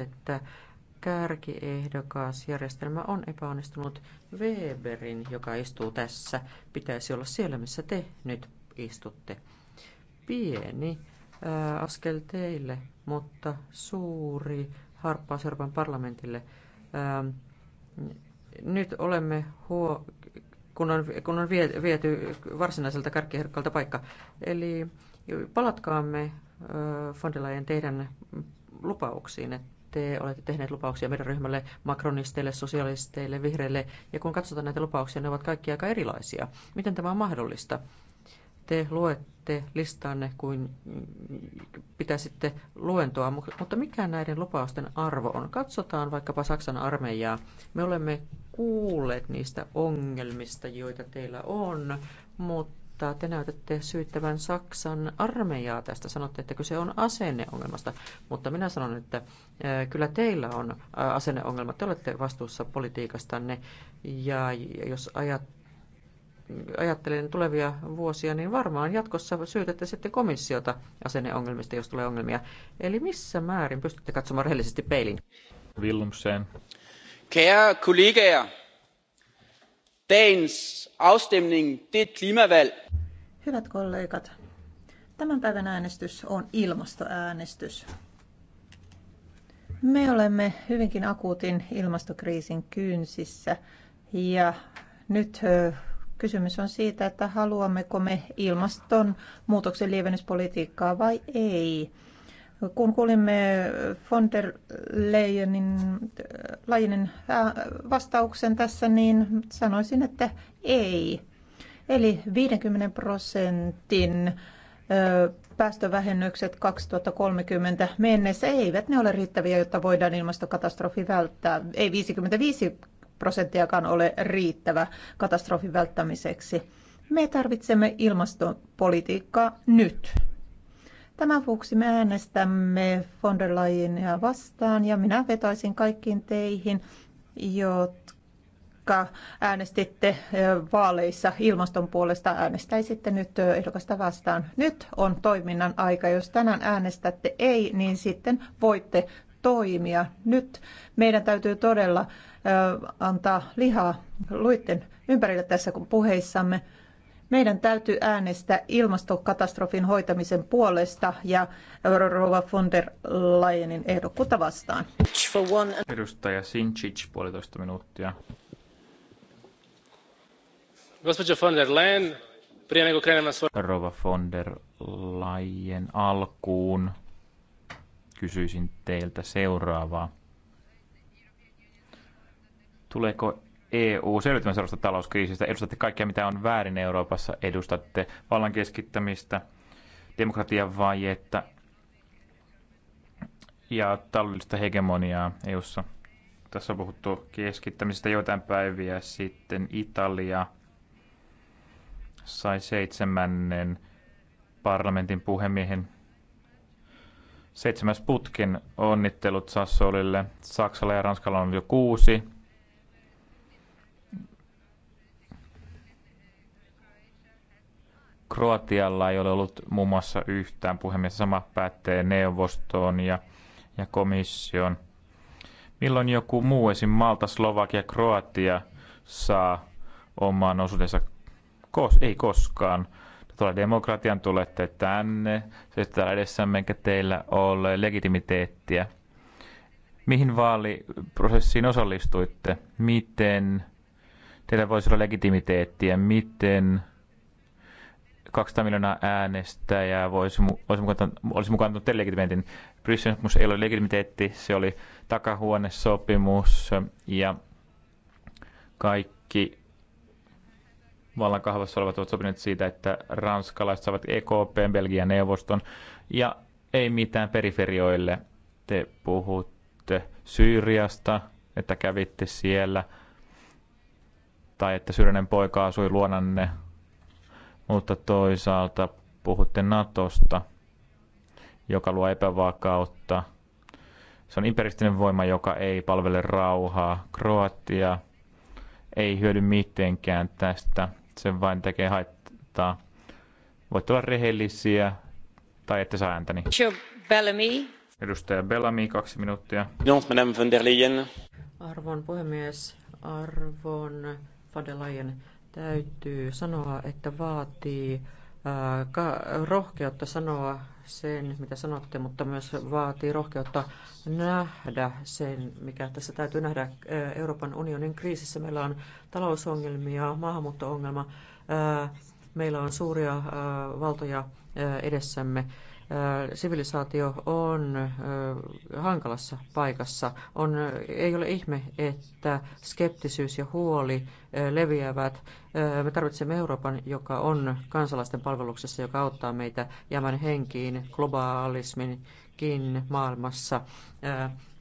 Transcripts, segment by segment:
että kärkiehdokasjärjestelmä on epäonnistunut. Weberin, joka istuu tässä, pitäisi olla siellä, missä te nyt istutte. Pieni ää, äh, askel teille, mutta suuri harppaus Euroopan parlamentille. Ää, ähm, nyt olemme huo, kun on, kun on vie, viety varsinaiselta kärkkiherkkalta paikka. Eli palatkaamme äh, teidän lupauksiin, että te olette tehneet lupauksia meidän ryhmälle, makronisteille, sosialisteille, vihreille, ja kun katsotaan näitä lupauksia, ne ovat kaikki aika erilaisia. Miten tämä on mahdollista? Te luette listanne kuin pitäisitte luentoa, mutta mikä näiden lupausten arvo on? Katsotaan vaikkapa Saksan armeijaa. Me olemme kuulleet niistä ongelmista, joita teillä on, mutta kohtaa te näytätte syyttävän Saksan armeijaa tästä. Sanotte, että kyse on asenneongelmasta, mutta minä sanon, että kyllä teillä on asenneongelma. Te olette vastuussa politiikastanne ja jos ajat, ajattelen tulevia vuosia, niin varmaan jatkossa syytätte sitten komissiota asenneongelmista, jos tulee ongelmia. Eli missä määrin pystytte katsomaan rehellisesti peilin? Willumsen. Kære kollegaer, dagens afstemning det er et klimavalg Hyvät kollegat, tämän päivän äänestys on ilmastoäänestys. Me olemme hyvinkin akuutin ilmastokriisin kynsissä ja nyt kysymys on siitä, että haluammeko me ilmastonmuutoksen lievennyspolitiikkaa vai ei. Kun kuulimme von der Leyenin Lajinen vastauksen tässä, niin sanoisin, että ei eli 50 prosentin päästövähennykset 2030 mennessä eivät ne ole riittäviä, jotta voidaan ilmastokatastrofi välttää. Ei 55 prosenttiakaan ole riittävä katastrofin välttämiseksi. Me tarvitsemme ilmastopolitiikkaa nyt. Tämän vuoksi me äänestämme von der Leyenia vastaan ja minä vetoisin kaikkiin teihin, jotka taikka äänestitte vaaleissa ilmaston puolesta, äänestäisitte nyt ehdokasta vastaan. Nyt on toiminnan aika. Jos tänään äänestätte ei, niin sitten voitte toimia. Nyt meidän täytyy todella antaa lihaa luitten ympärille tässä kun puheissamme. Meidän täytyy äänestää ilmastokatastrofin hoitamisen puolesta ja Rova von der Leyenin ehdokkuutta vastaan. Edustaja Sinčić, puolitoista minuuttia. Gospođo von der Leyen, prije nego krenem na svoj... Rova von der Leyen alkuun kysyisin teiltä seuraavaa. Tuleeko EU selvitymään seuraavasta talouskriisistä? Edustatte kaikkea, mitä on väärin Euroopassa. Edustatte vallan keskittämistä, demokratian vajetta ja taloudellista hegemoniaa EUssa. Tässä on puhuttu keskittämisestä joitain päiviä sitten Italia – sai seitsemännen parlamentin puhemiehen seitsemäs putkin onnittelut Sassolille. Saksalla ja Ranskalla on jo kuusi. Kroatialla ei ole ollut muun muassa yhtään puhemies. Sama päättee neuvostoon ja, ja komission. Milloin joku muu, esim. Malta, Slovakia, Kroatia, saa oman osuudensa kos- ei koskaan. Tulee demokratian, tulette tänne, se täällä edessämme, eikä teillä ole legitimiteettiä. Mihin vaaliprosessiin osallistuitte? Miten teillä voisi olla legitimiteettiä? Miten 200 miljoonaa äänestäjää voisi, olisi mukaan, olisi mukaan tämän legitimiteetin. Brysselin sopimus ei ole legitimiteetti, se oli takahuonesopimus ja kaikki vallankahvassa olevat ovat sopineet siitä, että ranskalaiset saavat EKP, Belgian neuvoston ja ei mitään periferioille. Te puhutte Syyriasta, että kävitte siellä tai että syrjäinen poika asui luonanne, mutta toisaalta puhutte Natosta, joka luo epävakautta. Se on imperialistinen voima, joka ei palvele rauhaa. Kroatia ei hyödy mitenkään tästä se vain tekee haittaa. Voit olla rehellisiä tai ette saa ääntäni. Bellamy. Edustaja Bellamy, kaksi minuuttia. Non, Madame von der Leyen. Arvon puhemies, arvon von der Leyen, täytyy sanoa, että vaatii äh, rohkeutta sanoa sen, mitä sanotte, mutta myös vaatii rohkeutta nähdä sen, mikä tässä täytyy nähdä Euroopan unionin kriisissä. Meillä on talousongelmia, maahanmuuttoongelma, meillä on suuria valtoja edessämme sivilisaatio on hankalassa paikassa. On, ei ole ihme, että skeptisyys ja huoli leviävät. Me tarvitsemme Euroopan, joka on kansalaisten palveluksessa, joka auttaa meitä jäämään henkiin globaalisminkin maailmassa.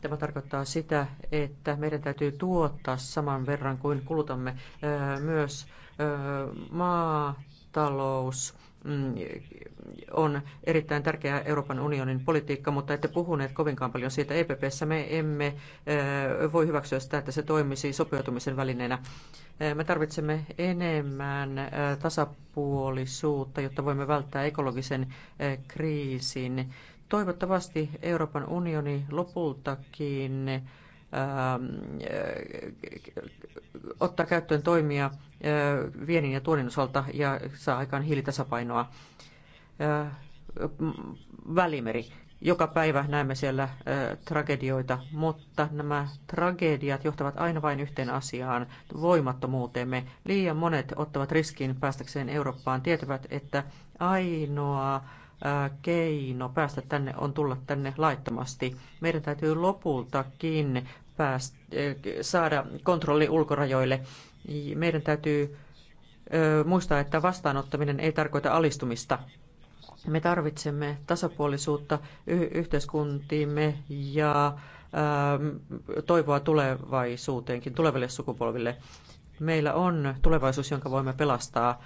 Tämä tarkoittaa sitä, että meidän täytyy tuottaa saman verran kuin kulutamme myös maatalous Mm, on erittäin tärkeää Euroopan unionin politiikka, mutta ette puhuneet kovinkaan paljon siitä. EPPssä me emme eh, voi hyväksyä sitä, että se toimisi sopeutumisen välineenä. Eh, me tarvitsemme enemmän eh, tasapuolisuutta, jotta voimme välttää ekologisen kriisin. Toivottavasti Euroopan unioni lopultakin Ähm, äh, ottaa käyttöön toimia äh, viennin ja tuonnin osalta ja saa aikaan hiilitasapainoa. Äh, Välimeri. Joka päivä näemme siellä tragedioita, mutta nämä tragediat johtavat aina vain yhteen asiaan, voimattomuuteemme. Liian monet ottavat riskin päästäkseen Eurooppaan, tietävät, että ainoa keino päästä tänne on tulla tänne laittomasti. Meidän täytyy lopultakin päästä, saada kontrolli ulkorajoille. Meidän täytyy muistaa, että vastaanottaminen ei tarkoita alistumista. Me tarvitsemme tasapuolisuutta y- yhteiskuntiimme ja toivoa tulevaisuuteenkin, tuleville sukupolville. Meillä on tulevaisuus, jonka voimme pelastaa.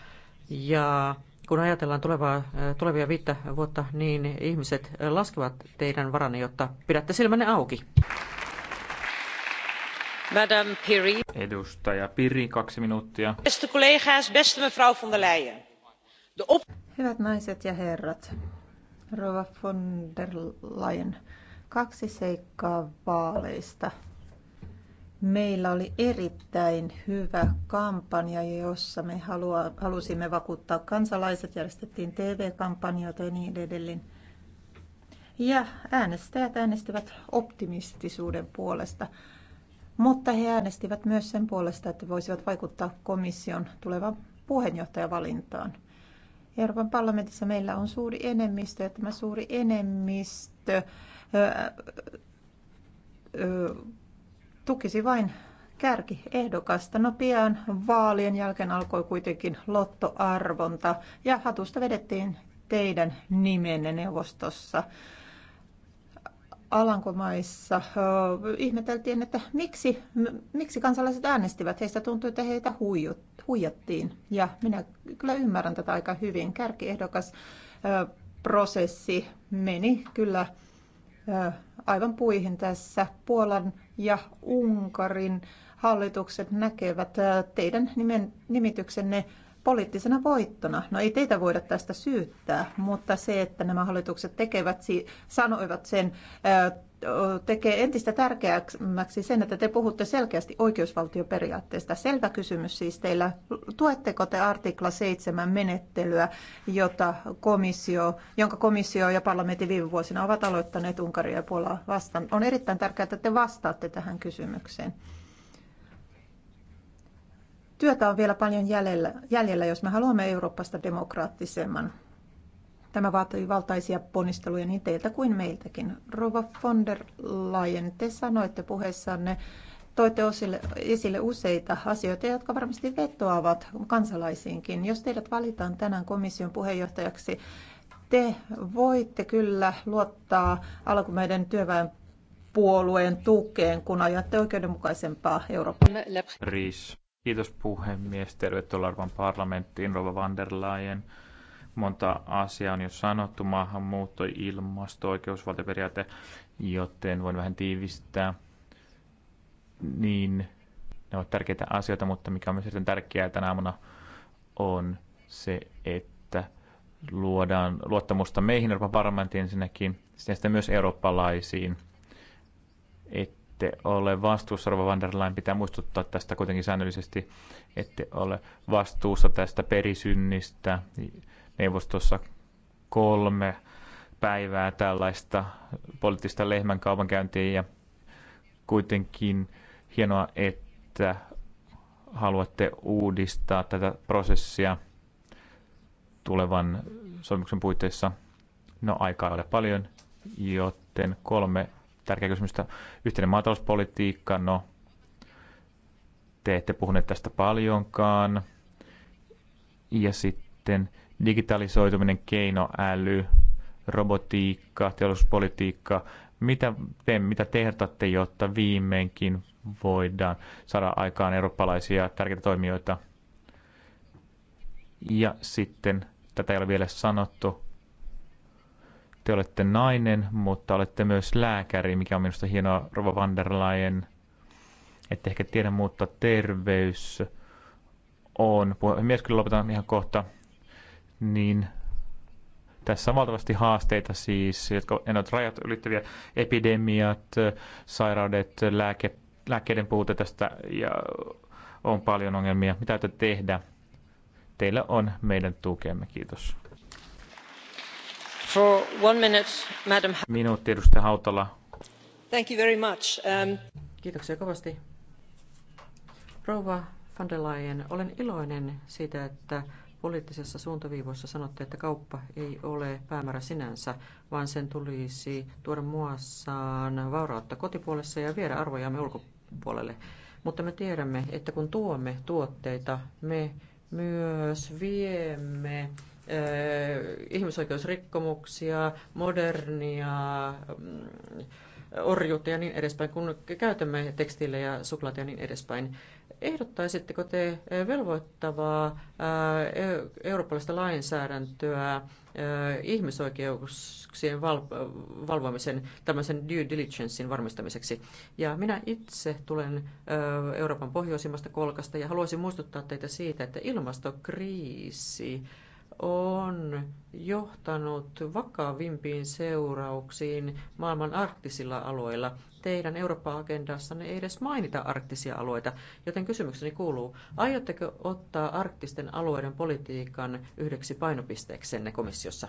Ja kun ajatellaan tulevaa, äh, tulevia viittä vuotta, niin ihmiset äh, laskevat teidän varanne, jotta pidätte silmänne auki. Madame Piri. Edustaja Piri, kaksi minuuttia. Beste collega's, beste mevrouw van der Leyen. De op... Hyvät naiset ja herrat, Rova von der Leyen, kaksi seikkaa vaaleista. Meillä oli erittäin hyvä kampanja, jossa me halua, halusimme vakuuttaa kansalaiset, järjestettiin TV-kampanjoita ja niin edelleen. Ja äänestäjät äänestivät optimistisuuden puolesta, mutta he äänestivät myös sen puolesta, että voisivat vaikuttaa komission tulevan puheenjohtajavalintaan. Euroopan parlamentissa meillä on suuri enemmistö ja tämä suuri enemmistö öö, öö, tukisi vain kärkiehdokasta. No pian vaalien jälkeen alkoi kuitenkin lottoarvonta ja hatusta vedettiin teidän nimenne neuvostossa. Alankomaissa ihmeteltiin, että miksi, miksi kansalaiset äänestivät. Heistä tuntui, että heitä huijattiin. Ja minä kyllä ymmärrän tätä aika hyvin. Kärkiehdokas prosessi meni kyllä aivan puihin tässä. Puolan ja Unkarin hallitukset näkevät äh, teidän nimen, nimityksenne poliittisena voittona. No ei teitä voida tästä syyttää, mutta se, että nämä hallitukset tekevät, sanoivat sen äh, tekee entistä tärkeämmäksi sen, että te puhutte selkeästi oikeusvaltioperiaatteesta. Selvä kysymys siis teillä. Tuetteko te artikla 7 menettelyä, jota komissio, jonka komissio ja parlamentti viime vuosina ovat aloittaneet Unkaria ja Puolaa vastaan? On erittäin tärkeää, että te vastaatte tähän kysymykseen. Työtä on vielä paljon jäljellä, jäljellä jos me haluamme Euroopasta demokraattisemman. Tämä vaatii valtaisia ponnisteluja niin teiltä kuin meiltäkin. Rova von der Leyen, te sanoitte puheessanne, toitte osille, esille useita asioita, jotka varmasti vetoavat kansalaisiinkin. Jos teidät valitaan tänään komission puheenjohtajaksi, te voitte kyllä luottaa alkumeiden työväen puolueen tukeen, kun ajatte oikeudenmukaisempaa Eurooppaa. Riis. Kiitos puhemies. Tervetuloa Arvon parlamenttiin, Rova der Leyen monta asiaa on jo sanottu, maahanmuutto, ilmasto, oikeusvaltioperiaate, joten voin vähän tiivistää. Niin, ne ovat tärkeitä asioita, mutta mikä on myös tärkeää tänä aamuna on se, että luodaan luottamusta meihin Euroopan parlamenttiin ensinnäkin, sitten myös eurooppalaisiin. Ette ole vastuussa, Rova van der Leyen, pitää muistuttaa tästä kuitenkin säännöllisesti, ette ole vastuussa tästä perisynnistä, neuvostossa kolme päivää tällaista poliittista lehmän kaupankäyntiä ja kuitenkin hienoa, että haluatte uudistaa tätä prosessia tulevan sopimuksen puitteissa. No aikaa ole paljon, joten kolme tärkeää kysymystä. Yhteinen maatalouspolitiikka, no te ette puhuneet tästä paljonkaan. Ja sitten digitalisoituminen, keinoäly, robotiikka, teollisuuspolitiikka, mitä, te, mitä tehdotatte, jotta viimeinkin voidaan saada aikaan eurooppalaisia tärkeitä toimijoita? Ja sitten, tätä ei ole vielä sanottu, te olette nainen, mutta olette myös lääkäri, mikä on minusta hienoa, Rova van der Leyen. Ette ehkä tiedä, mutta terveys on. Mies kyllä lopetan ihan kohta niin tässä on valtavasti haasteita siis, jotka ovat rajat ylittäviä, epidemiat, sairaudet, lääke, lääkkeiden puute tästä ja on paljon ongelmia. Mitä te tehdä? Teillä on meidän tukemme. Kiitos. For one minute, Madam. Minuutti, edustaja Hautala. Thank you very much. Um... Kiitoksia kovasti. Rouva van der Leyen, olen iloinen siitä, että poliittisessa suuntaviivoissa sanotte, että kauppa ei ole päämäärä sinänsä, vaan sen tulisi tuoda muassaan vaurautta kotipuolessa ja viedä arvojamme ulkopuolelle. Mutta me tiedämme, että kun tuomme tuotteita, me myös viemme eh, ihmisoikeusrikkomuksia, modernia mm, orjuutta ja niin edespäin, kun käytämme tekstiilejä, suklaata ja niin edespäin. Ehdottaisitteko te eh, velvoittavaa eh, eurooppalaista lainsäädäntöä eh, ihmisoikeuksien valvomisen, tämmöisen due diligencein varmistamiseksi? Ja minä itse tulen Euroopan pohjoisimmasta kolkasta ja haluaisin muistuttaa teitä siitä, että ilmastokriisi on johtanut vakavimpiin seurauksiin maailman arktisilla alueilla teidän Eurooppa-agendassanne ei edes mainita arktisia alueita, joten kysymykseni kuuluu, aiotteko ottaa arktisten alueiden politiikan yhdeksi painopisteeksenne komissiossa?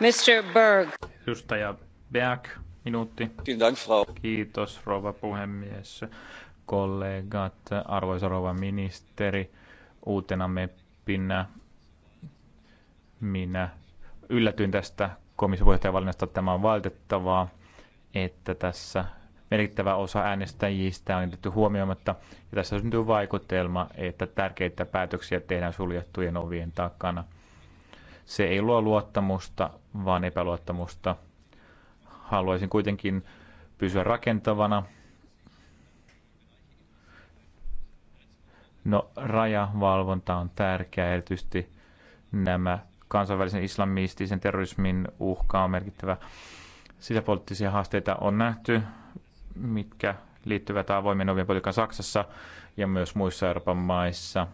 Mr. Berg. Edustaja Berg, minuutti. Kiitos, rouva puhemies. Kollegat, arvoisa rouva ministeri, uutena meppinä minä yllätyin tästä komission puheenjohtajavalinnasta. Tämä on valitettavaa, että tässä merkittävä osa äänestäjistä on jätetty huomioimatta. Ja tässä syntyy vaikutelma, että tärkeitä päätöksiä tehdään suljettujen ovien takana. Se ei luo luottamusta, vaan epäluottamusta. Haluaisin kuitenkin pysyä rakentavana. No, rajavalvonta on tärkeää, erityisesti nämä kansainvälisen islamistisen terrorismin uhka on merkittävä. Sisäpoliittisia haasteita on nähty mitkä liittyvät avoimen ovien politiikkaan Saksassa ja myös muissa Euroopan maissa.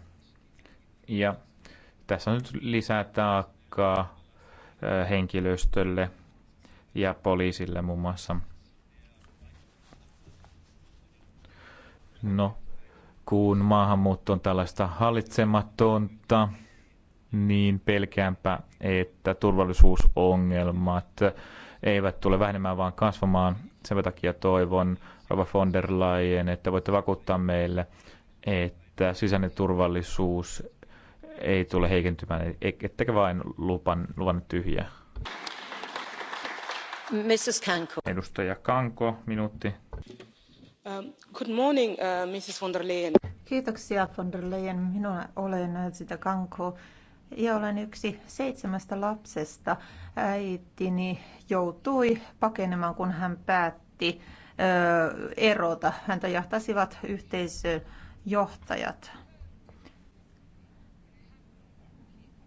Ja tässä on nyt lisää taakkaa eh, henkilöstölle ja poliisille muun muassa. No, kun maahanmuutto on tällaista hallitsematonta, niin pelkäänpä, että turvallisuusongelmat eivät tule vähenemään, vaan kasvamaan. Sen takia toivon, Rova von der Leyen, että voitte vakuuttaa meille, että sisäinen turvallisuus ei tule heikentymään, ettekä vain lupan, luvan tyhjä. Mrs. Kanko. Edustaja Kanko, minuutti. Um, good morning, uh, Mrs. von der Leyen. Kiitoksia von der Leyen. Minä olen sitä Kanko ja olen yksi seitsemästä lapsesta. Äitini joutui pakenemaan, kun hän päätti ö, erota. Häntä jahtasivat yhteisön johtajat.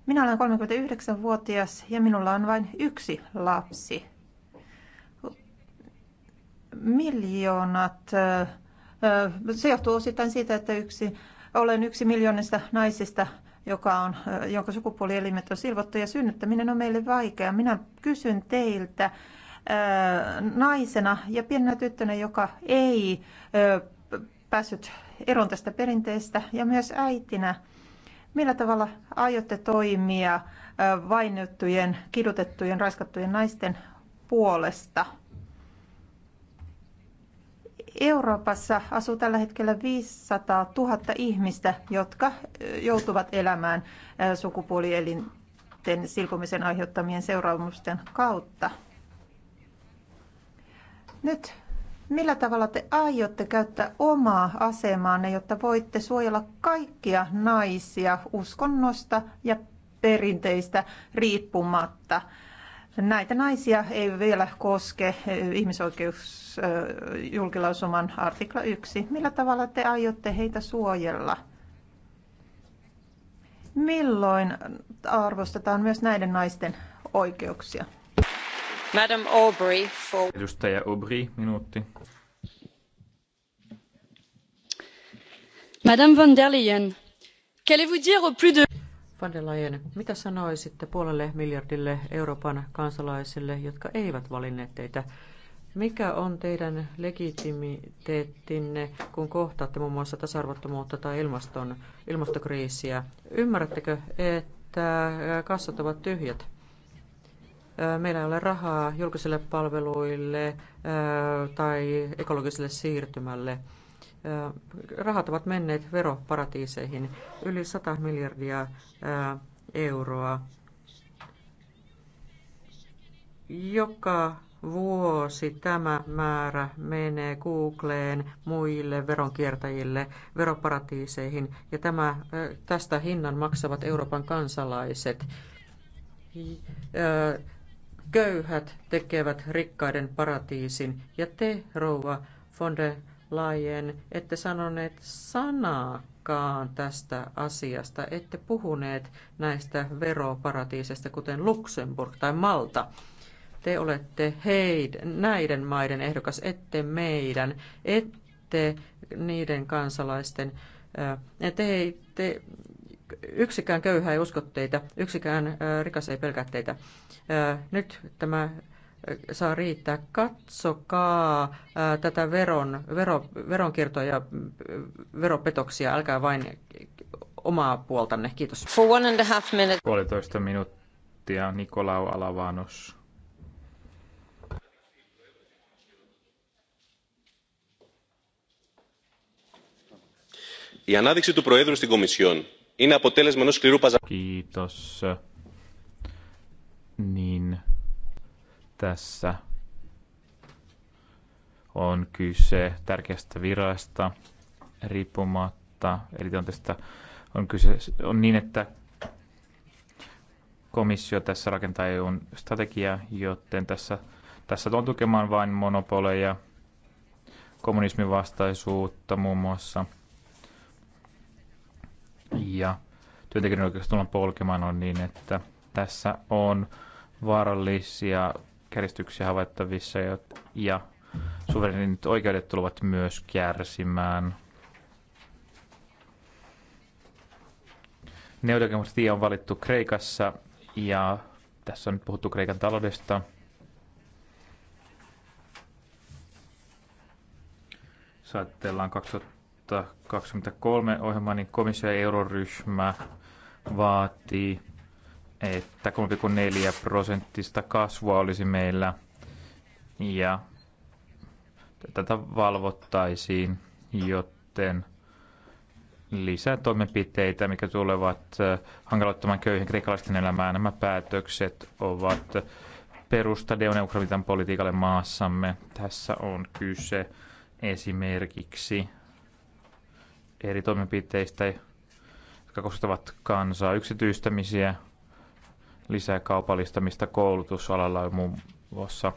Minä olen 39-vuotias ja minulla on vain yksi lapsi. Miljoonat. Se johtuu osittain siitä, että yksi, olen yksi miljoonista naisista joka on, jonka sukupuolielimet on silvottu ja synnyttäminen on meille vaikeaa. Minä kysyn teiltä naisena ja pienenä tyttönä, joka ei päässyt eron tästä perinteestä ja myös äitinä, millä tavalla aiotte toimia vainottujen, kidutettujen, raiskattujen naisten puolesta – Euroopassa asuu tällä hetkellä 500 000 ihmistä, jotka joutuvat elämään sukupuolielinten silpomisen aiheuttamien seuraamusten kautta. Nyt millä tavalla te aiotte käyttää omaa asemaanne, jotta voitte suojella kaikkia naisia uskonnosta ja perinteistä riippumatta? Näitä naisia ei vielä koske ihmisoikeusjulkilausuman artikla 1. Millä tavalla te aiotte heitä suojella? Milloin arvostetaan myös näiden naisten oikeuksia? Madam Aubrey, for... Edustaja Aubrey, minuutti. Madame von der Leyen, qu'allez-vous dire aux plus de... Van der Leyen, mitä sanoisitte puolelle miljardille Euroopan kansalaisille, jotka eivät valinneet teitä? Mikä on teidän legitimiteettinne, kun kohtaatte muun muassa tasa-arvottomuutta tai ilmaston, ilmastokriisiä? Ymmärrättekö, että kassat ovat tyhjät? Meillä ei ole rahaa julkisille palveluille tai ekologiselle siirtymälle rahat ovat menneet veroparatiiseihin yli 100 miljardia euroa. Joka vuosi tämä määrä menee Googleen, muille veronkiertäjille, veroparatiiseihin ja tämä, tästä hinnan maksavat Euroopan kansalaiset. Köyhät tekevät rikkaiden paratiisin ja te, rouva von der Laien, ette sanoneet sanaakaan tästä asiasta, ette puhuneet näistä veroparatiiseista, kuten Luxemburg tai Malta. Te olette heidän, näiden maiden ehdokas, ette meidän, ette niiden kansalaisten. Te, te, yksikään köyhä ei usko teitä, yksikään rikas ei pelkää teitä. Nyt tämä saa riittää. Katsokaa ää, tätä veron, vero, veronkiertoa ja veropetoksia, älkää vain omaa puoltanne. Kiitos. For one and a half minute. Puolitoista minuuttia, Nikolau Alavanos. Η ανάδειξη του Προέδρου στην Κομισιόν είναι αποτέλεσμα ενός σκληρού παζαριού. Kiitos. Niin tässä on kyse tärkeästä virasta riippumatta on, tästä, On, kyse, on niin, että komissio tässä rakentaa EUn strategiaa, joten tässä, tässä on tukemaan vain monopoleja, kommunismin vastaisuutta muun muassa. Ja työntekijöiden oikeastaan tullaan polkemaan on niin, että tässä on vaarallisia kärjestyksiä havaittavissa ja, ja suverenit oikeudet tulevat myös kärsimään. Neodemokratia on valittu Kreikassa ja tässä on nyt puhuttu Kreikan taloudesta. Jos ajatellaan 2023 ohjelmaa, niin komissio ja euroryhmä vaatii että 3,4 prosenttista kasvua olisi meillä ja tätä valvottaisiin, joten lisää toimenpiteitä, mikä tulevat äh, hankaloittamaan köyhien kreikkalaisten elämää. Nämä päätökset ovat perusta deoneukralitan politiikalle maassamme. Tässä on kyse esimerkiksi eri toimenpiteistä, jotka koskevat kansaa, yksityistämisiä, lisää kaupallistamista koulutusalalla muun muassa.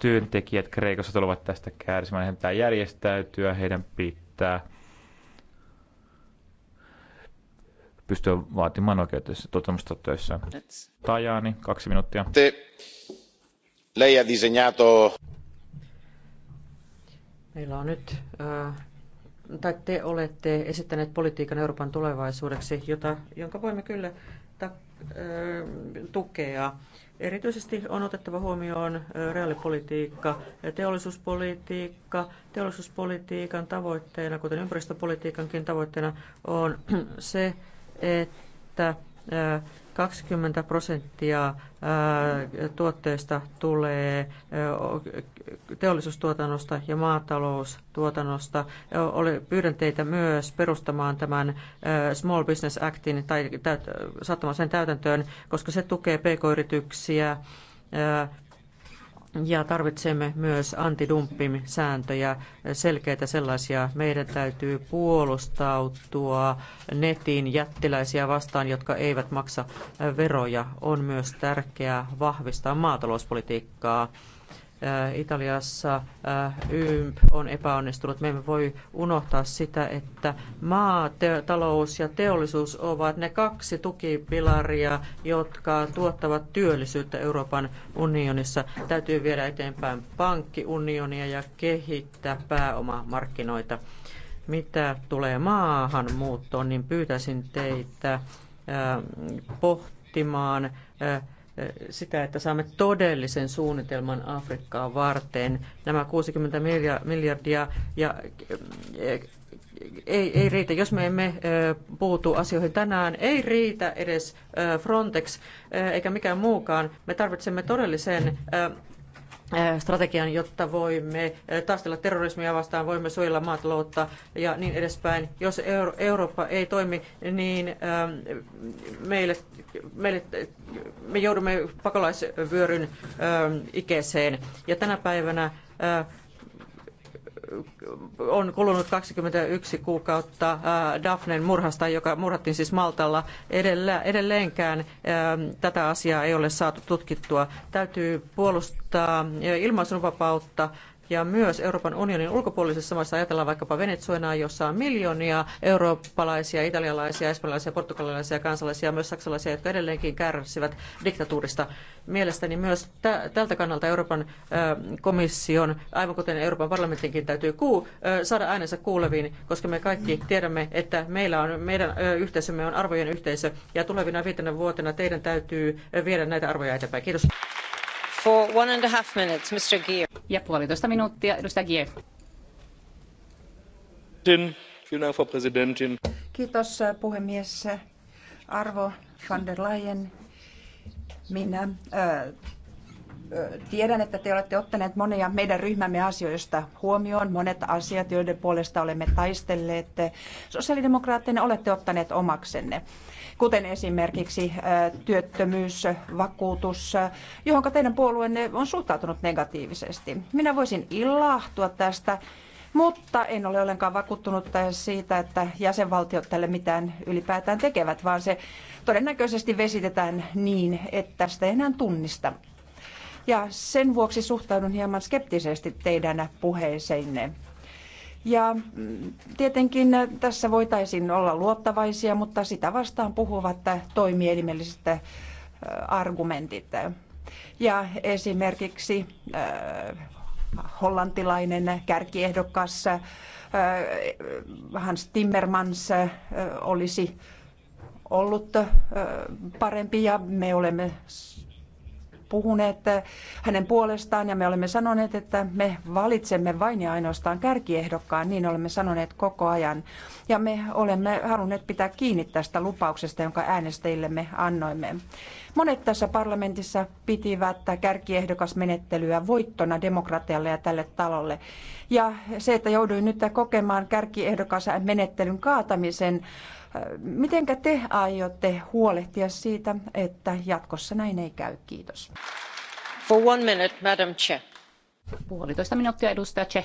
Työntekijät Kreikassa tulevat tästä kärsimään, heidän pitää järjestäytyä, heidän pitää pystyä vaatimaan oikeutensa tuottamusta töissä. Tajani, kaksi minuuttia. Te, lei ha disegnato... Meillä on nyt äh, tai te olette esittäneet politiikan Euroopan tulevaisuudeksi, jota, jonka voimme kyllä ta- tukea. Erityisesti on otettava huomioon reaalipolitiikka, teollisuuspolitiikka. Teollisuuspolitiikan tavoitteena, kuten ympäristöpolitiikankin tavoitteena, on se, että 20 prosenttia tuotteista tulee teollisuustuotannosta ja maataloustuotannosta. Pyydän teitä myös perustamaan tämän Small Business Actin tai saattamaan sen täytäntöön, koska se tukee pk-yrityksiä ja tarvitsemme myös antidumping-sääntöjä, selkeitä sellaisia. Meidän täytyy puolustautua netin jättiläisiä vastaan, jotka eivät maksa veroja. On myös tärkeää vahvistaa maatalouspolitiikkaa Äh, Italiassa äh, YMP on epäonnistunut. Me emme voi unohtaa sitä, että maatalous ja teollisuus ovat ne kaksi tukipilaria, jotka tuottavat työllisyyttä Euroopan unionissa. Täytyy viedä eteenpäin pankkiunionia ja kehittää pääomamarkkinoita. Mitä tulee maahanmuuttoon, niin pyytäisin teitä äh, pohtimaan, pohtimaan sitä, että saamme todellisen suunnitelman Afrikkaa varten. Nämä 60 miljardia ja, eh, ei, ei riitä, jos me emme eh, puutu asioihin tänään. Ei riitä edes eh, Frontex eikä mikään muukaan. Me tarvitsemme todellisen strategian, jotta voimme taistella terrorismia vastaan, voimme suojella maataloutta ja niin edespäin. Jos Euro- Eurooppa ei toimi, niin meille, meille, me joudumme pakolaisvyöryn ähm, ikeeseen. Ja tänä päivänä on kulunut 21 kuukautta äh, Daphnen murhasta, joka murhattiin siis Maltalla. Edelleenkään äh, tätä asiaa ei ole saatu tutkittua. Täytyy puolustaa äh, ilmaisunvapautta ja myös Euroopan unionin ulkopuolisissa maissa ajatellaan vaikkapa Venezuelaa, jossa on miljoonia eurooppalaisia, italialaisia, espanjalaisia, portugalilaisia kansalaisia ja myös saksalaisia, jotka edelleenkin kärsivät diktatuurista. Mielestäni myös tältä kannalta Euroopan komission, aivan kuten Euroopan parlamentinkin, täytyy kuu, saada äänensä kuuleviin, koska me kaikki tiedämme, että meillä on, meidän yhteisömme on arvojen yhteisö ja tulevina viitenä vuotena teidän täytyy viedä näitä arvoja eteenpäin. Kiitos. For one and a half minutes, Mr. Gier. Ja puolitoista minuuttia, edustaja Gier. Kiitos äh, Arvo van der Leyen, minä äh, Tiedän, että te olette ottaneet monia meidän ryhmämme asioista huomioon, monet asiat, joiden puolesta olemme taistelleet. Sosiaalidemokraatteina olette ottaneet omaksenne, kuten esimerkiksi työttömyys, vakuutus, johon teidän puolueenne on suhtautunut negatiivisesti. Minä voisin illahtua tästä, mutta en ole ollenkaan vakuuttunut siitä, että jäsenvaltiot tälle mitään ylipäätään tekevät, vaan se todennäköisesti vesitetään niin, että sitä ei enää tunnista ja sen vuoksi suhtaudun hieman skeptisesti teidän puheeseenne. Ja mm, tietenkin tässä voitaisiin olla luottavaisia, mutta sitä vastaan puhuvat toimielimelliset argumentit. Ja esimerkiksi hollantilainen kärkiehdokas Hans Timmermans olisi ollut parempi ja me olemme puhuneet hänen puolestaan ja me olemme sanoneet, että me valitsemme vain ja ainoastaan kärkiehdokkaan, niin olemme sanoneet koko ajan. Ja me olemme halunneet pitää kiinni tästä lupauksesta, jonka äänestäjillemme annoimme. Monet tässä parlamentissa pitivät kärkiehdokasmenettelyä voittona demokratialle ja tälle talolle. Ja se, että jouduin nyt kokemaan kärkiehdokasmenettelyn kaatamisen, äh, mitenkä te aiotte huolehtia siitä, että jatkossa näin ei käy? Kiitos. For one minute, Madam Chair. Puolitoista minuuttia, edustaja Che.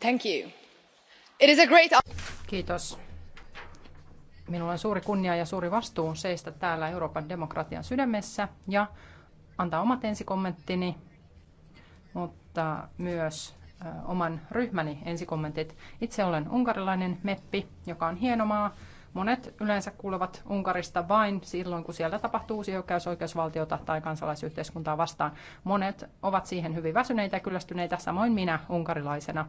Thank you. It is a great... Kiitos. Minulla on suuri kunnia ja suuri vastuu seistä täällä Euroopan demokratian sydämessä ja antaa omat ensikommenttini, mutta myös oman ryhmäni ensikommentit. Itse olen unkarilainen meppi, joka on hieno maa. Monet yleensä kuulevat Unkarista vain silloin, kun siellä tapahtuu uusi hyökkäys oikeusvaltiota tai kansalaisyhteiskuntaa vastaan. Monet ovat siihen hyvin väsyneitä ja kyllästyneitä, samoin minä unkarilaisena.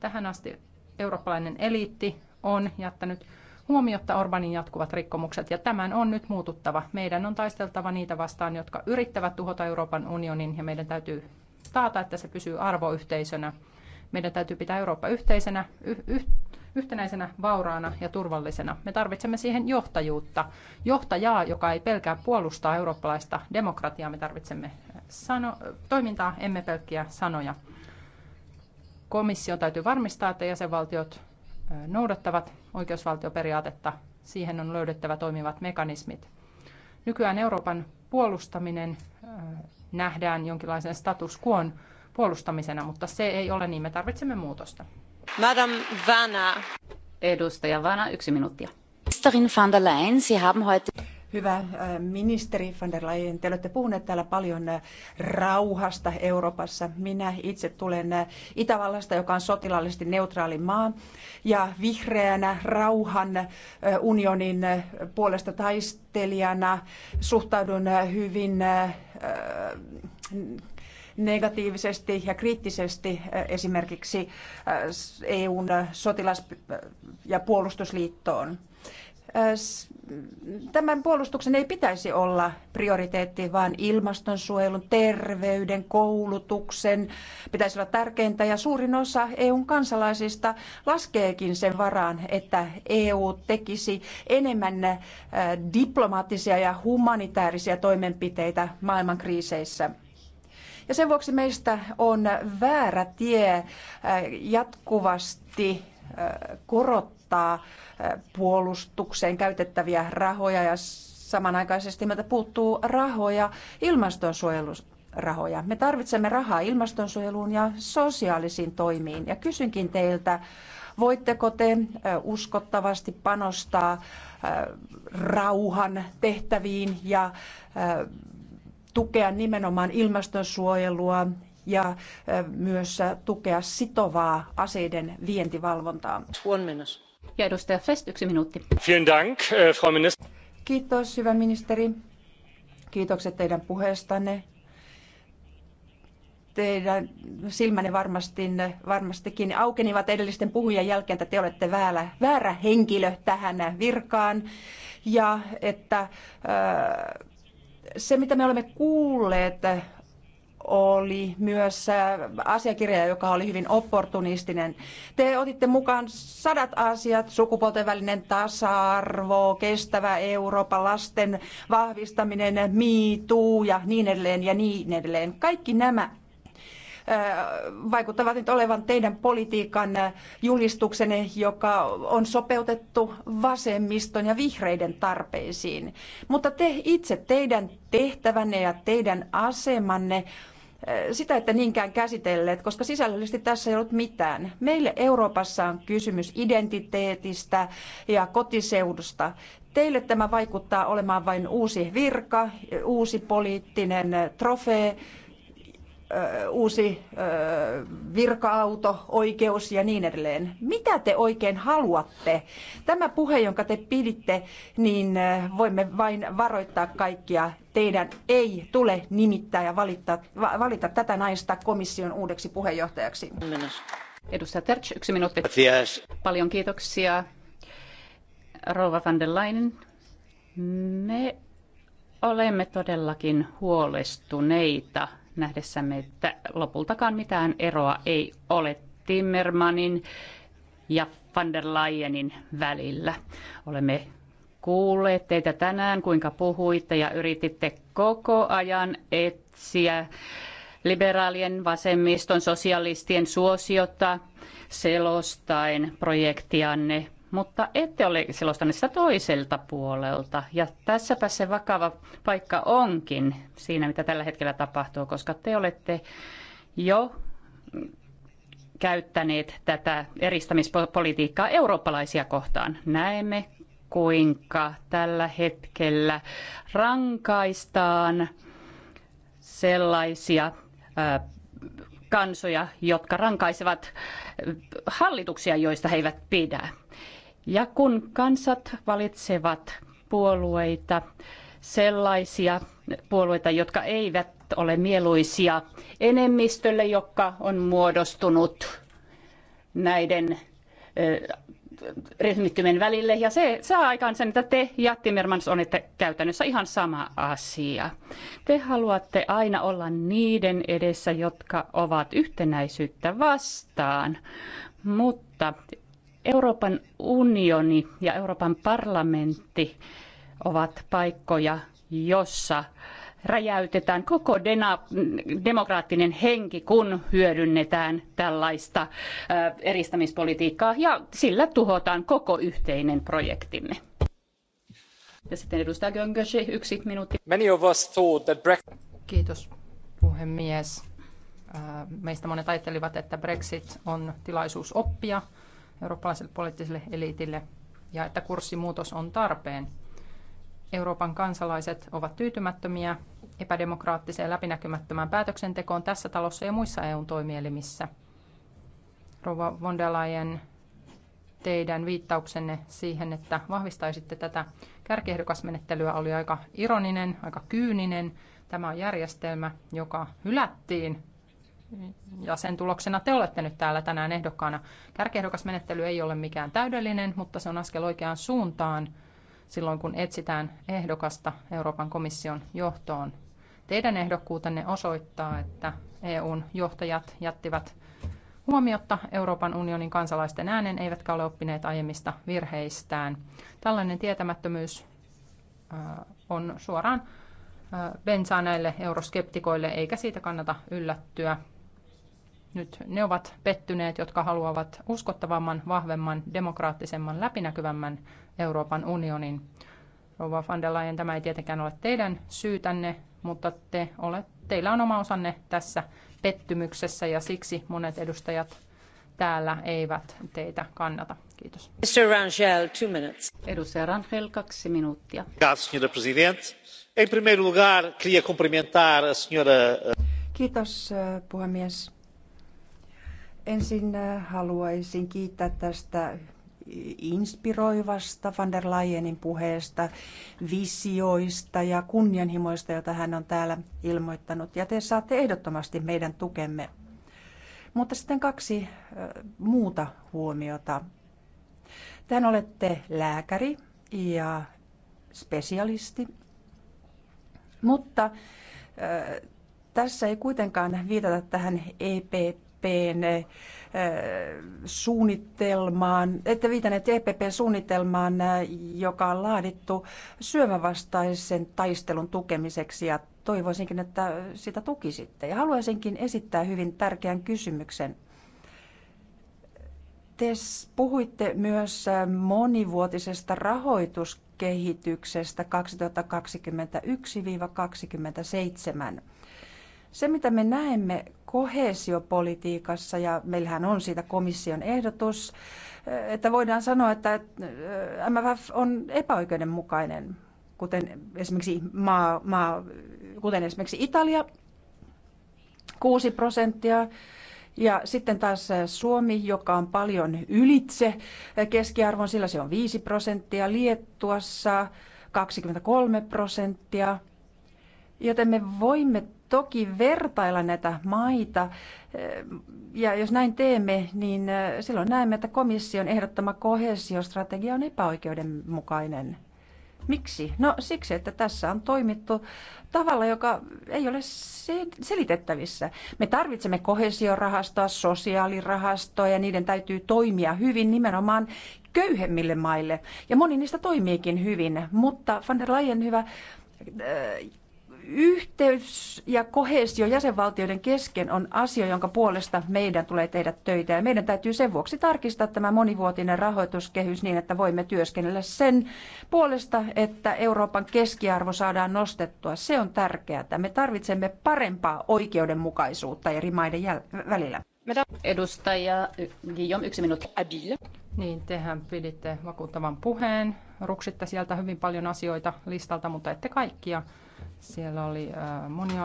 Tähän asti eurooppalainen eliitti on jättänyt huomiotta Orbanin jatkuvat rikkomukset, ja tämän on nyt muututtava. Meidän on taisteltava niitä vastaan, jotka yrittävät tuhota Euroopan unionin, ja meidän täytyy taata, että se pysyy arvoyhteisönä. Meidän täytyy pitää Eurooppa yhteisenä, yh, yh, yhtenäisenä, vauraana ja turvallisena. Me tarvitsemme siihen johtajuutta. Johtajaa, joka ei pelkää puolustaa eurooppalaista demokratiaa. Me tarvitsemme äh, sano, toimintaa, emme pelkkiä sanoja. Komission täytyy varmistaa, että jäsenvaltiot noudattavat oikeusvaltioperiaatetta. Siihen on löydettävä toimivat mekanismit. Nykyään Euroopan puolustaminen nähdään jonkinlaisen status quoon puolustamisena, mutta se ei ole niin. Me tarvitsemme muutosta. Madam Vana. Edustaja Vana, yksi minuuttia. Ministerin van der Leyen, Sie haben heute... Hyvä äh, ministeri van der Leyen, te olette puhuneet täällä paljon äh, rauhasta Euroopassa. Minä itse tulen äh, Itävallasta, joka on sotilaallisesti neutraali maa, ja vihreänä rauhan unionin puolesta taistelijana suhtaudun hyvin negatiivisesti ja kriittisesti esimerkiksi EUn sotilas- ja puolustusliittoon tämän puolustuksen ei pitäisi olla prioriteetti, vaan ilmastonsuojelun, terveyden, koulutuksen pitäisi olla tärkeintä. Ja suurin osa EUn kansalaisista laskeekin sen varaan, että EU tekisi enemmän diplomaattisia ja humanitaarisia toimenpiteitä maailman kriiseissä. Ja sen vuoksi meistä on väärä tie jatkuvasti korottaa korottaa eh, puolustukseen käytettäviä rahoja ja samanaikaisesti meiltä puuttuu rahoja ilmastonsuojelurahoja. Me tarvitsemme rahaa ilmastonsuojeluun ja sosiaalisiin toimiin. Ja kysynkin teiltä, voitteko te eh, uskottavasti panostaa eh, rauhan tehtäviin ja tukea nimenomaan ilmastonsuojelua ja myös tukea sitovaa aseiden vientivalvontaa. One minute. Ja edustaja Fest, yksi minuutti. Vielen Dank, äh, Frau Minister. Kiitos, hyvä ministeri. Kiitokset teidän puheestanne. Teidän silmänne varmasti, varmastikin aukenivat edellisten puhujien jälkeen, että te olette väärä, väärä henkilö tähän virkaan. Ja että äh, se, mitä me olemme kuulleet, oli myös äh, asiakirja, joka oli hyvin opportunistinen. Te otitte mukaan sadat asiat, sukupuolten välinen tasa-arvo, kestävä Eurooppa, lasten vahvistaminen, miituu ja niin edelleen ja niin edelleen. Kaikki nämä äh, vaikuttavat nyt olevan teidän politiikan äh, julistuksenne, joka on sopeutettu vasemmiston ja vihreiden tarpeisiin. Mutta te itse, teidän tehtävänne ja teidän asemanne Eh, sitä että niinkään käsitelleet, koska sisällöllisesti tässä ei ollut mitään. Meille Euroopassa on kysymys identiteetistä ja kotiseudusta. Teille tämä vaikuttaa olemaan vain uusi virka, uusi poliittinen trofee, uusi virka-auto, oikeus ja niin edelleen. Mitä te oikein haluatte? Tämä puhe, jonka te piditte, niin voimme vain varoittaa kaikkia. Teidän ei tule nimittää ja valittaa, valita tätä naista komission uudeksi puheenjohtajaksi. Edustaja Terch, yksi minuutti. Paljon kiitoksia. Rova van der Leinen, me olemme todellakin huolestuneita – nähdessämme, että lopultakaan mitään eroa ei ole Timmermanin ja van der Leyenin välillä. Olemme kuulleet teitä tänään, kuinka puhuitte ja yrititte koko ajan etsiä liberaalien, vasemmiston, sosialistien suosiota selostaen projektianne mutta ette ole selostaneet sitä toiselta puolelta. Ja tässäpä se vakava paikka onkin siinä, mitä tällä hetkellä tapahtuu, koska te olette jo käyttäneet tätä eristämispolitiikkaa eurooppalaisia kohtaan. Näemme, kuinka tällä hetkellä rankaistaan sellaisia kansoja, jotka rankaisevat hallituksia, joista he eivät pidä. Ja kun kansat valitsevat puolueita, sellaisia puolueita, jotka eivät ole mieluisia enemmistölle, joka on muodostunut näiden ryhmittymien välille. Ja se saa aikaan sen, että te ja Timmermans on että käytännössä ihan sama asia. Te haluatte aina olla niiden edessä, jotka ovat yhtenäisyyttä vastaan, mutta Euroopan unioni ja Euroopan parlamentti ovat paikkoja, jossa räjäytetään koko demokraattinen henki, kun hyödynnetään tällaista eristämispolitiikkaa ja sillä tuhotaan koko yhteinen projektimme. Ja sitten edustaja Göngösi, yksi minuutti. Many of us thought that Brexit... Kiitos puhemies. Meistä monet ajattelivat, että Brexit on tilaisuus oppia – eurooppalaiselle poliittiselle eliitille ja että kurssimuutos on tarpeen. Euroopan kansalaiset ovat tyytymättömiä epädemokraattiseen läpinäkymättömään päätöksentekoon tässä talossa ja muissa EUn toimielimissä. Rova von der Leyen, teidän viittauksenne siihen, että vahvistaisitte tätä kärkiehdokasmenettelyä oli aika ironinen, aika kyyninen. Tämä on järjestelmä, joka hylättiin ja sen tuloksena te olette nyt täällä tänään ehdokkaana. menettely ei ole mikään täydellinen, mutta se on askel oikeaan suuntaan silloin, kun etsitään ehdokasta Euroopan komission johtoon. Teidän ehdokkuutenne osoittaa, että EUn johtajat jättivät huomiotta Euroopan unionin kansalaisten äänen, eivätkä ole oppineet aiemmista virheistään. Tällainen tietämättömyys on suoraan bensaa näille euroskeptikoille, eikä siitä kannata yllättyä. Nyt ne ovat pettyneet, jotka haluavat uskottavamman, vahvemman, demokraattisemman, läpinäkyvämmän Euroopan unionin. Rouva van der Leyen, tämä ei tietenkään ole teidän syytänne, mutta te olet, teillä on oma osanne tässä pettymyksessä ja siksi monet edustajat täällä eivät teitä kannata. Kiitos. Mr. Rangel, two minutes. Edustaja Rangel, kaksi minuuttia. herra eh, Kiitos, eh, puhemies. Ensin äh, haluaisin kiittää tästä inspiroivasta van der Leyenin puheesta, visioista ja kunnianhimoista, joita hän on täällä ilmoittanut. Ja te saatte ehdottomasti meidän tukemme. Mutta sitten kaksi äh, muuta huomiota. Tän olette lääkäri ja spesialisti, mutta äh, tässä ei kuitenkaan viitata tähän EPP EPPn suunnitelmaan, että viitanneet EPPn suunnitelmaan, joka on laadittu syövänvastaisen taistelun tukemiseksi ja toivoisinkin, että sitä tukisitte. Ja haluaisinkin esittää hyvin tärkeän kysymyksen. Te puhuitte myös monivuotisesta rahoituskehityksestä 2021-2027. Se, mitä me näemme kohesiopolitiikassa, ja meillähän on siitä komission ehdotus, että voidaan sanoa, että äh, MFF on epäoikeudenmukainen, kuten esimerkiksi, maa, maa, kuten esimerkiksi Italia, 6 prosenttia, ja sitten taas äh, Suomi, joka on paljon ylitse keskiarvon, sillä se on 5 prosenttia, Liettuassa 23 prosenttia, joten me voimme toki vertailla näitä maita, ja jos näin teemme, niin silloin näemme, että komission ehdottama kohesiostrategia on epäoikeudenmukainen. Miksi? No siksi, että tässä on toimittu tavalla, joka ei ole selitettävissä. Me tarvitsemme kohesiorahastoa, sosiaalirahastoa ja niiden täytyy toimia hyvin nimenomaan köyhemmille maille. Ja moni niistä toimiikin hyvin, mutta van der Leyen hyvä yhteys ja kohesio jäsenvaltioiden kesken on asia, jonka puolesta meidän tulee tehdä töitä. Ja meidän täytyy sen vuoksi tarkistaa tämä monivuotinen rahoituskehys niin, että voimme työskennellä sen puolesta, että Euroopan keskiarvo saadaan nostettua. Se on tärkeää. Me tarvitsemme parempaa oikeudenmukaisuutta eri maiden jäl- välillä. Edustaja Guillaume, yksi minuutti. Abil. Niin, tehän piditte vakuuttavan puheen. Ruksitte sieltä hyvin paljon asioita listalta, mutta ette kaikkia. Siellä oli äh, monia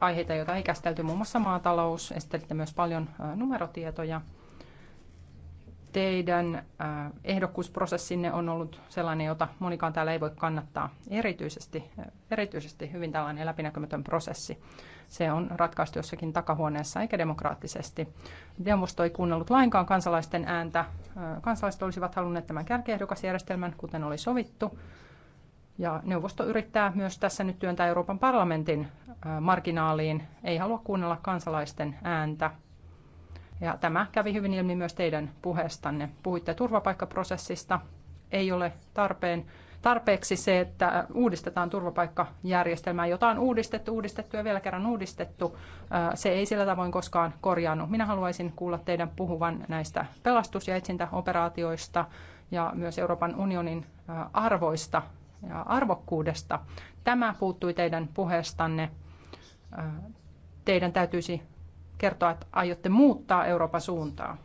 aiheita, joita ei käsitelty, muun muassa maatalous. Esittelitte myös paljon äh, numerotietoja. Teidän äh, ehdokkuusprosessinne on ollut sellainen, jota monikaan täällä ei voi kannattaa. Erityisesti, erityisesti hyvin tällainen läpinäkymätön prosessi. Se on ratkaistu jossakin takahuoneessa eikä demokraattisesti. Neuvosto ei kuunnellut lainkaan kansalaisten ääntä. Kansalaiset olisivat halunneet tämän kärkiehdokasjärjestelmän, kuten oli sovittu ja neuvosto yrittää myös tässä nyt työntää Euroopan parlamentin marginaaliin, ei halua kuunnella kansalaisten ääntä. Ja tämä kävi hyvin ilmi myös teidän puheestanne. Puhuitte turvapaikkaprosessista. Ei ole tarpeen, tarpeeksi se, että uudistetaan turvapaikkajärjestelmää, jota on uudistettu, uudistettu ja vielä kerran uudistettu. Se ei sillä tavoin koskaan korjaannut. Minä haluaisin kuulla teidän puhuvan näistä pelastus- ja etsintäoperaatioista ja myös Euroopan unionin arvoista ja arvokkuudesta. Tämä puuttui teidän puheestanne. Teidän täytyisi kertoa, että aiotte muuttaa Euroopan suuntaa.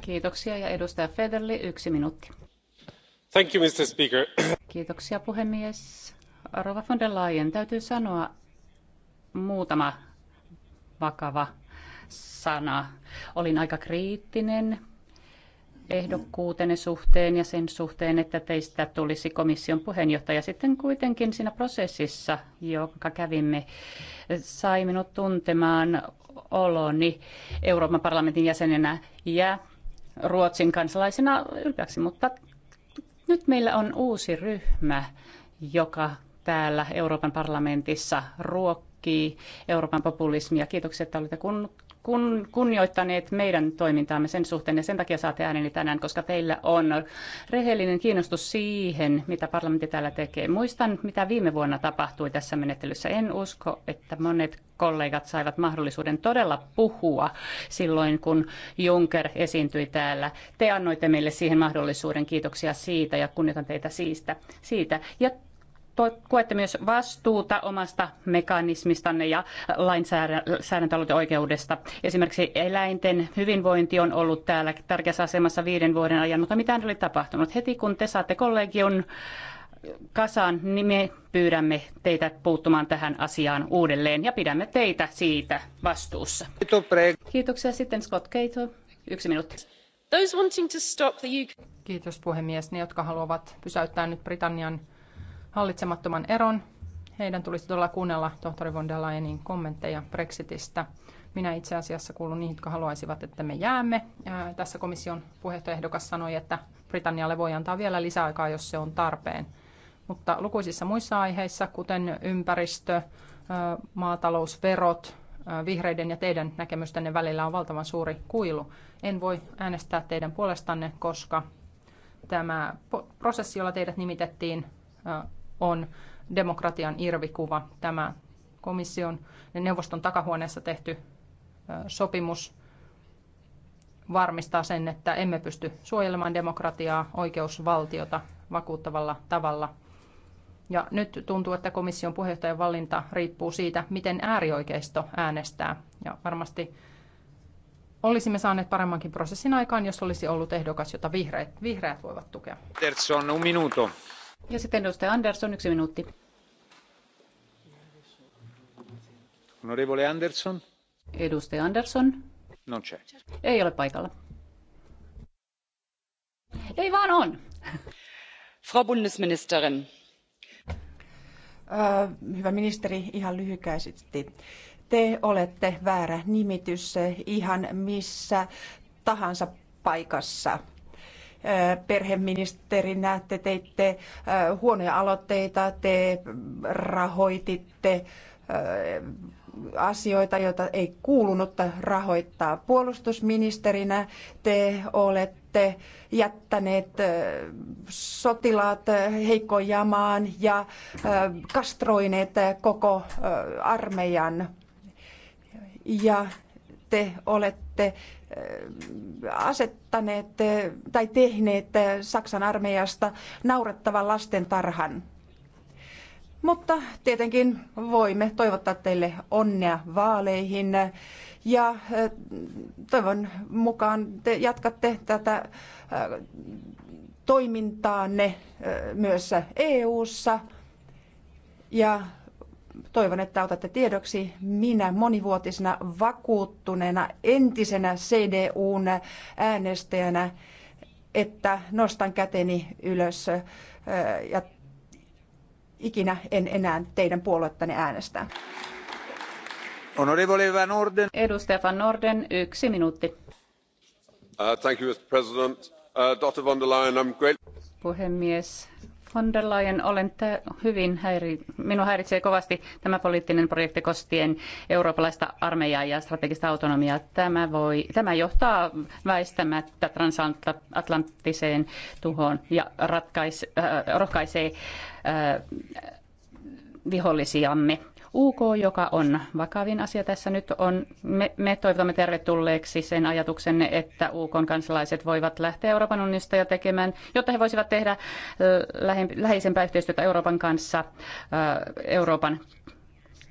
Kiitoksia ja edustaja Federli, yksi minuutti. Thank you, Mr. Speaker. Kiitoksia puhemies. Rova von der Leyen, täytyy sanoa muutama vakava sana. Olin aika kriittinen ehdokkuutenne suhteen ja sen suhteen, että teistä tulisi komission puheenjohtaja. Sitten kuitenkin siinä prosessissa, jonka kävimme, sai minut tuntemaan oloni Euroopan parlamentin jäsenenä ja Ruotsin kansalaisena ylpeäksi, mutta nyt meillä on uusi ryhmä, joka täällä Euroopan parlamentissa ruokkii Euroopan populismia. Kiitoksia, että olitte kun, kunnioittaneet meidän toimintaamme sen suhteen ja sen takia saatte ääneni tänään, koska teillä on rehellinen kiinnostus siihen, mitä parlamentti täällä tekee. Muistan, mitä viime vuonna tapahtui tässä menettelyssä. En usko, että monet kollegat saivat mahdollisuuden todella puhua silloin, kun Juncker esiintyi täällä. Te annoitte meille siihen mahdollisuuden. Kiitoksia siitä ja kunnioitan teitä siitä. siitä. Ja koette myös vastuuta omasta mekanismistanne ja oikeudesta, Esimerkiksi eläinten hyvinvointi on ollut täällä tärkeässä asemassa viiden vuoden ajan, mutta mitään ei ole tapahtunut. Heti kun te saatte kollegion kasaan, niin me pyydämme teitä puuttumaan tähän asiaan uudelleen ja pidämme teitä siitä vastuussa. Kiitoksia. Sitten Scott Cato. Yksi minuutti. Kiitos puhemies. Ne, jotka haluavat pysäyttää nyt Britannian hallitsemattoman eron. Heidän tulisi todella kuunnella tohtori von der Leyenin kommentteja Brexitistä. Minä itse asiassa kuulun niihin, jotka haluaisivat, että me jäämme. Ää, tässä komission puheenjohtajaehdokas sanoi, että Britannialle voi antaa vielä lisäaikaa, jos se on tarpeen. Mutta lukuisissa muissa aiheissa, kuten ympäristö, ää, maatalous, verot, ää, vihreiden ja teidän näkemystenne välillä on valtavan suuri kuilu. En voi äänestää teidän puolestanne, koska tämä prosessi, jolla teidät nimitettiin on demokratian irvikuva. Tämä komission ja neuvoston takahuoneessa tehty sopimus varmistaa sen, että emme pysty suojelemaan demokratiaa, oikeusvaltiota vakuuttavalla tavalla. Ja nyt tuntuu, että komission puheenjohtajan valinta riippuu siitä, miten äärioikeisto äänestää. Ja varmasti olisimme saaneet paremmankin prosessin aikaan, jos olisi ollut ehdokas, jota vihreät, vihreät voivat tukea. Terzo, un minuto. Ja sitten edustaja Andersson, yksi minuutti. Honorevole Andersson. Edustaja Andersson. Non c'è. Ei ole paikalla. Ei vaan on. Frau Bundesministerin. Äh, hyvä ministeri, ihan lyhykäisesti. Te olette väärä nimitys ihan missä tahansa paikassa perheministerinä, te teitte huonoja aloitteita, te rahoititte asioita, joita ei kuulunut rahoittaa. Puolustusministerinä te olette jättäneet sotilaat heikkoon jamaan ja kastroineet koko armeijan. Ja te olette Äh, asettaneet äh, tai tehneet äh, Saksan armeijasta naurettavan tarhan, Mutta tietenkin voimme toivottaa teille onnea vaaleihin ja toivon mukaan te jatkatte tätä toimintaanne myös EU-ssa ja toivon, että otatte tiedoksi, minä monivuotisena vakuuttuneena entisenä CDUn äänestäjänä, että nostan käteni ylös ja ikinä en enää teidän puoluettani äänestä. Honorable Edustaja Van Norden, yksi minuutti. Uh, thank you, Mr. President. Uh, Dr. Von der Leyen, I'm great... Puhemies, von der Leyen, olen hyvin häiri- minua häiritsee kovasti tämä poliittinen projekti kostien eurooppalaista armeijaa ja strategista autonomiaa. Tämä, voi, tämä johtaa väistämättä transatlanttiseen tuhoon ja ratkais, äh, rohkaisee äh, vihollisiamme UK, joka on vakavin asia tässä nyt on, me, me toivotamme tervetulleeksi sen ajatuksenne, että UK kansalaiset voivat lähteä Euroopan unionista ja tekemään, jotta he voisivat tehdä läheisempää yhteistyötä Euroopan kanssa, Euroopan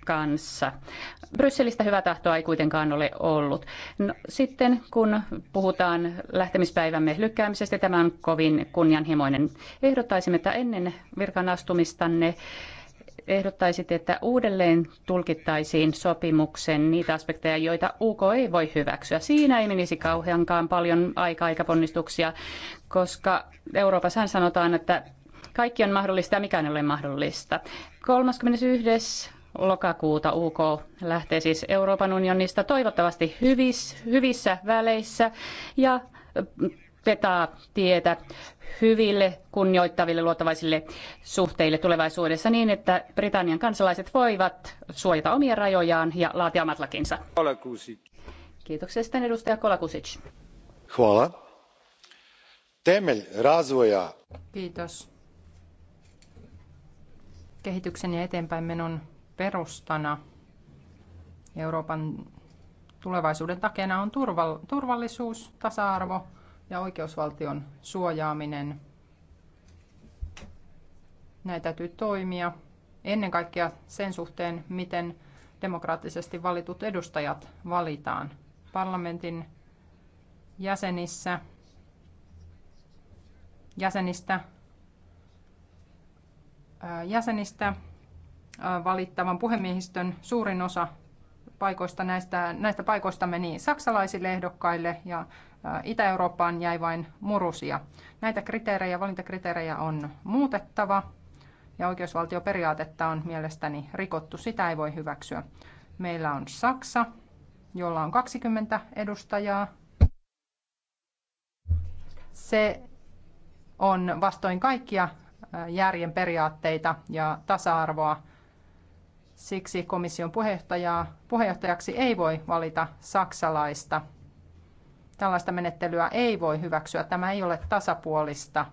kanssa. Brysselistä hyvää tahtoa ei kuitenkaan ole ollut. No, sitten kun puhutaan lähtemispäivämme lykkäämisestä, tämä on kovin kunnianhimoinen. Ehdottaisimme, että ennen virkan astumistanne ehdottaisit, että uudelleen tulkittaisiin sopimuksen niitä aspekteja, joita UK ei voi hyväksyä. Siinä ei menisi kauheankaan paljon aika aikaponnistuksia, koska Euroopassa sanotaan, että kaikki on mahdollista ja mikään ei ole mahdollista. 31 lokakuuta UK lähtee siis Euroopan unionista toivottavasti hyvissä, hyvissä väleissä ja vetää tietä hyville, kunnioittaville, luottavaisille suhteille tulevaisuudessa niin, että Britannian kansalaiset voivat suojata omia rajojaan ja laatia omat lakinsa. Kolakusic. Kiitoksia sitten edustaja Kolakusic. Huola. Temel razvoja. Kiitos. Kehityksen ja eteenpäinmenon perustana Euroopan tulevaisuuden takena on turvallisuus, tasa-arvo, ja oikeusvaltion suojaaminen. Näitä täytyy toimia ennen kaikkea sen suhteen, miten demokraattisesti valitut edustajat valitaan parlamentin jäsenissä. Jäsenistä, jäsenistä valittavan puhemiehistön suurin osa paikoista, näistä, näistä paikoista meni niin saksalaisille ehdokkaille ja Itä-Eurooppaan jäi vain murusia. Näitä kriteerejä, valintakriteerejä on muutettava ja oikeusvaltioperiaatetta on mielestäni rikottu. Sitä ei voi hyväksyä. Meillä on Saksa, jolla on 20 edustajaa. Se on vastoin kaikkia järjen periaatteita ja tasa-arvoa Siksi komission puheenjohtajaa, puheenjohtajaksi ei voi valita saksalaista. Tällaista menettelyä ei voi hyväksyä. Tämä ei ole tasapuolista.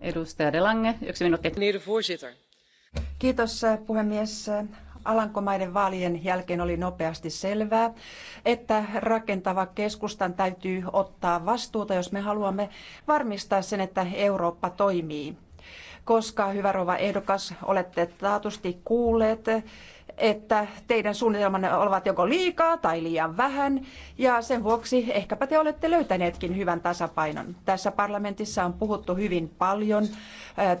Edustaja Delange, yksi minuutti. Kiitos puhemies. Alankomaiden vaalien jälkeen oli nopeasti selvää, että rakentava keskustan täytyy ottaa vastuuta, jos me haluamme varmistaa sen, että Eurooppa toimii koska hyvä rouva ehdokas olette taatusti kuulleet että teidän suunnitelmanne ovat joko liikaa tai liian vähän, ja sen vuoksi ehkäpä te olette löytäneetkin hyvän tasapainon. Tässä parlamentissa on puhuttu hyvin paljon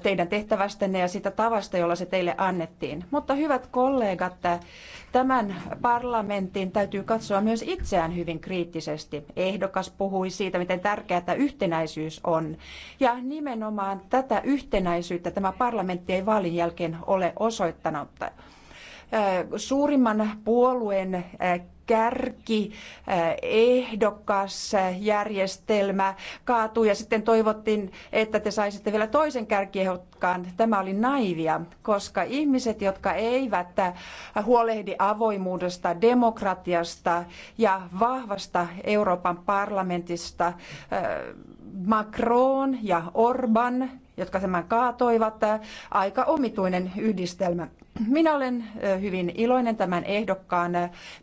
teidän tehtävästänne ja siitä tavasta, jolla se teille annettiin. Mutta hyvät kollegat, tämän parlamentin täytyy katsoa myös itseään hyvin kriittisesti. Ehdokas puhui siitä, miten tärkeää tämä yhtenäisyys on. Ja nimenomaan tätä yhtenäisyyttä tämä parlamentti ei vaalin jälkeen ole osoittanut suurimman puolueen kärki ehdokas järjestelmä kaatui ja sitten toivottiin, että te saisitte vielä toisen kärkiehdokkaan. Tämä oli naivia, koska ihmiset, jotka eivät huolehdi avoimuudesta, demokratiasta ja vahvasta Euroopan parlamentista, Macron ja Orban, jotka tämän kaatoivat, aika omituinen yhdistelmä. Minä olen hyvin iloinen tämän ehdokkaan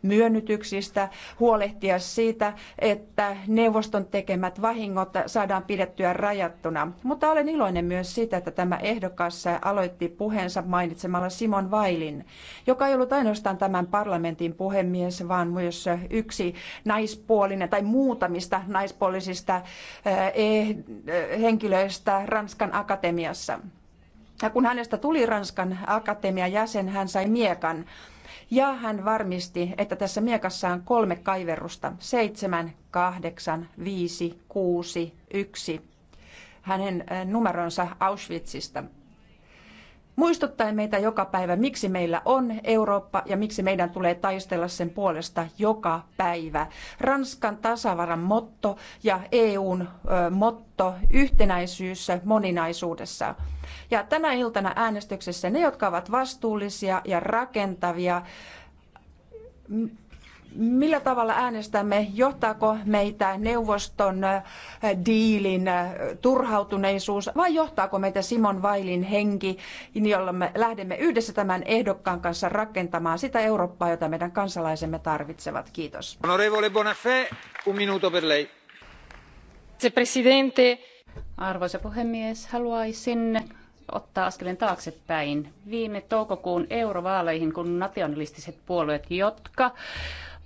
myönnytyksistä huolehtia siitä, että neuvoston tekemät vahingot saadaan pidettyä rajattuna. Mutta olen iloinen myös siitä, että tämä ehdokas aloitti puheensa mainitsemalla Simon Vailin, joka ei ollut ainoastaan tämän parlamentin puhemies, vaan myös yksi naispuolinen tai muutamista naispuolisista eh, henkilöistä Ranskan akatemiassa. Ja kun hänestä tuli Ranskan akatemian jäsen, hän sai miekan. Ja hän varmisti, että tässä miekassa on kolme kaiverrusta. 7, 8, 5, 6, 1. Hänen äh, numeronsa Auschwitzista muistuttaen meitä joka päivä, miksi meillä on Eurooppa ja miksi meidän tulee taistella sen puolesta joka päivä. Ranskan tasavaran motto ja EUn motto yhtenäisyys moninaisuudessa. Ja tänä iltana äänestyksessä ne, jotka ovat vastuullisia ja rakentavia, millä tavalla äänestämme, johtaako meitä neuvoston äh, diilin äh, turhautuneisuus vai johtaako meitä Simon Vailin henki, jolla me lähdemme yhdessä tämän ehdokkaan kanssa rakentamaan sitä Eurooppaa, jota meidän kansalaisemme tarvitsevat. Kiitos. Onorevole Bonafé, un minuto per lei. Presidente. Arvoisa puhemies, haluaisin ottaa askeleen taaksepäin. Viime toukokuun eurovaaleihin, kun nationalistiset puolueet, jotka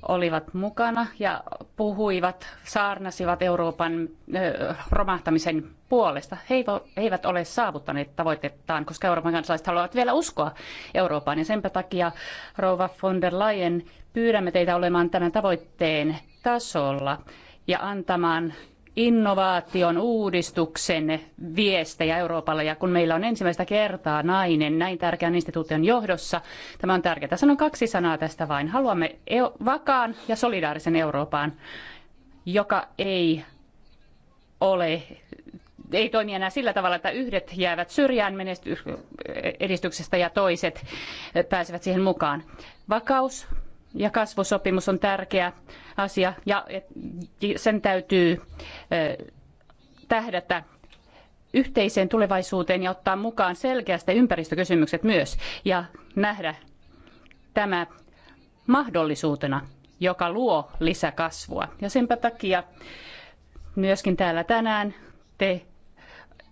olivat mukana ja puhuivat, saarnasivat Euroopan romahtamisen puolesta. He eivät ole saavuttaneet tavoitettaan, koska Euroopan kansalaiset haluavat vielä uskoa Eurooppaan. Ja senpä takia, rouva von der Leyen, pyydämme teitä olemaan tämän tavoitteen tasolla ja antamaan innovaation, uudistuksen viestejä Euroopalle. Ja kun meillä on ensimmäistä kertaa nainen näin tärkeän instituution johdossa, tämä on tärkeää. Sanon kaksi sanaa tästä vain. Haluamme e- vakaan ja solidaarisen Euroopan, joka ei ole ei toimi enää sillä tavalla, että yhdet jäävät syrjään edistyksestä ja toiset pääsevät siihen mukaan. Vakaus, ja kasvusopimus on tärkeä asia ja sen täytyy tähdätä yhteiseen tulevaisuuteen ja ottaa mukaan selkeästi ympäristökysymykset myös ja nähdä tämä mahdollisuutena, joka luo lisäkasvua. Ja senpä takia myöskin täällä tänään te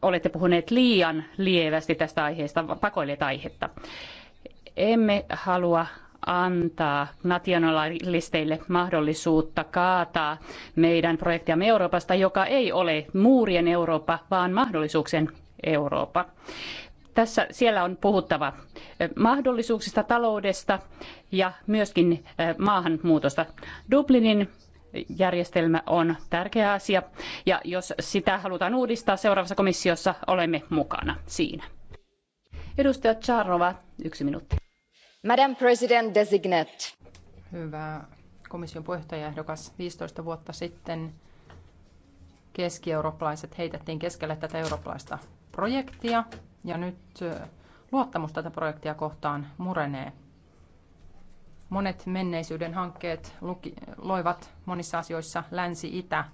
olette puhuneet liian lievästi tästä aiheesta, pakoilet aihetta. Emme halua antaa nationalisteille mahdollisuutta kaataa meidän projektiamme Euroopasta, joka ei ole muurien Eurooppa, vaan mahdollisuuksien Eurooppa. Tässä siellä on puhuttava mahdollisuuksista, taloudesta ja myöskin maahanmuutosta. Dublinin järjestelmä on tärkeä asia ja jos sitä halutaan uudistaa seuraavassa komissiossa, olemme mukana siinä. Edustaja Charrova, yksi minuutti Madam President designate. Hyvä komission puheenjohtajaehdokas 15 vuotta sitten keskieurooppalaiset heitettiin keskelle tätä eurooppalaista projektia ja nyt luottamus tätä projektia kohtaan murenee. Monet menneisyyden hankkeet luki, loivat monissa asioissa länsi-itä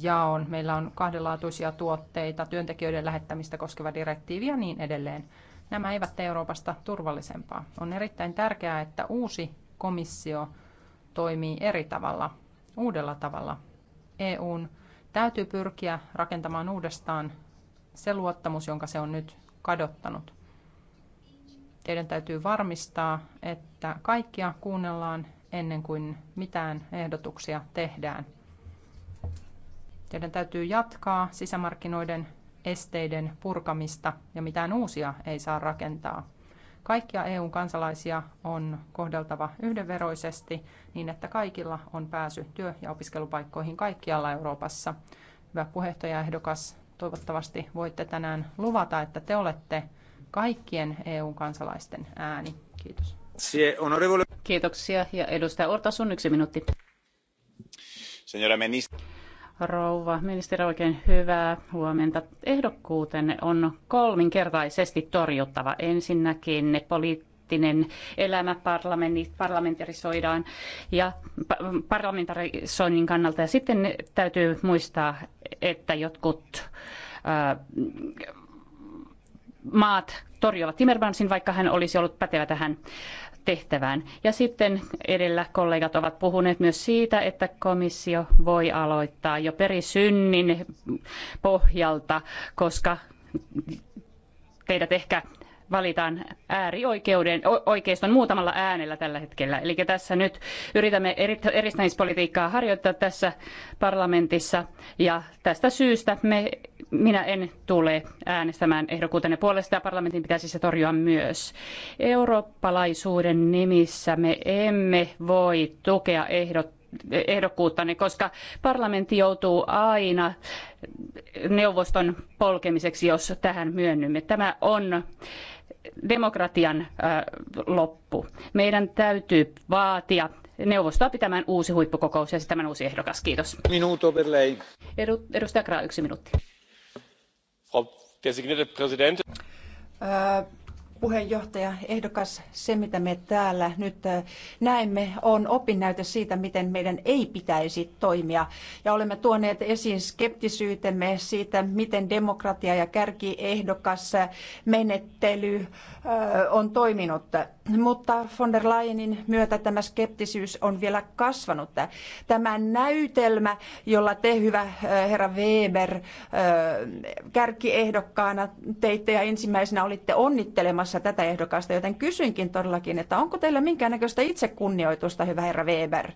jaon. Meillä on kahdenlaatuisia tuotteita, työntekijöiden lähettämistä koskeva direktiivi ja niin edelleen. Nämä eivät tee Euroopasta turvallisempaa. On erittäin tärkeää, että uusi komissio toimii eri tavalla, uudella tavalla. EUn täytyy pyrkiä rakentamaan uudestaan se luottamus, jonka se on nyt kadottanut. Teidän täytyy varmistaa, että kaikkia kuunnellaan ennen kuin mitään ehdotuksia tehdään. Teidän täytyy jatkaa sisämarkkinoiden esteiden purkamista ja mitään uusia ei saa rakentaa. Kaikkia EUn kansalaisia on kohdeltava yhdenveroisesti niin, että kaikilla on pääsy työ- ja opiskelupaikkoihin kaikkialla Euroopassa. Hyvä puheenjohtajaehdokas, toivottavasti voitte tänään luvata, että te olette kaikkien EUn kansalaisten ääni. Kiitos. Kiitoksia. Ja edustaja Ortasun yksi minuutti. Señora ministeri rouva ministeri, oikein hyvää huomenta. Ehdokkuutenne on kolminkertaisesti torjuttava. Ensinnäkin ne poliittinen elämä parlamentarisoidaan ja parlamentarisoinnin kannalta. Ja sitten täytyy muistaa, että jotkut maat torjua Timmermansin, vaikka hän olisi ollut pätevä tähän tehtävään. Ja sitten edellä kollegat ovat puhuneet myös siitä, että komissio voi aloittaa jo perisynnin pohjalta, koska teidät ehkä valitaan äärioikeuden oikeiston muutamalla äänellä tällä hetkellä. Eli tässä nyt yritämme eristämispolitiikkaa harjoittaa tässä parlamentissa ja tästä syystä me minä en tule äänestämään ehdokkuutenne puolesta ja parlamentin pitäisi se torjua myös. Eurooppalaisuuden nimissä me emme voi tukea ehdot, ehdokkuuttanne, koska parlamentti joutuu aina neuvoston polkemiseksi, jos tähän myönnymme. Tämä on demokratian loppu. Meidän täytyy vaatia neuvostoa pitämään uusi huippukokous ja esittämään uusi ehdokas. Kiitos. Minuuto per lei. Edu, edustaja Kraa, yksi minuutti frau designierte präsidentin! Äh, puheenjohtaja ehdokas, se mitä me täällä nyt äh, näemme on opinnäyte siitä, miten meidän ei pitäisi toimia. Ja olemme tuoneet esiin skeptisyytemme siitä, miten demokratia ja kärkiehdokas menettely äh, on toiminut. Mutta von der Leyenin myötä tämä skeptisyys on vielä kasvanut. Tämä näytelmä, jolla te hyvä äh, herra Weber kärkiehdokkaana teitte ja ensimmäisenä olitte onnittelemassa tässä tätä ehdokasta, joten kysynkin todellakin, että onko teillä minkäännäköistä itsekunnioitusta, hyvä herra Weber?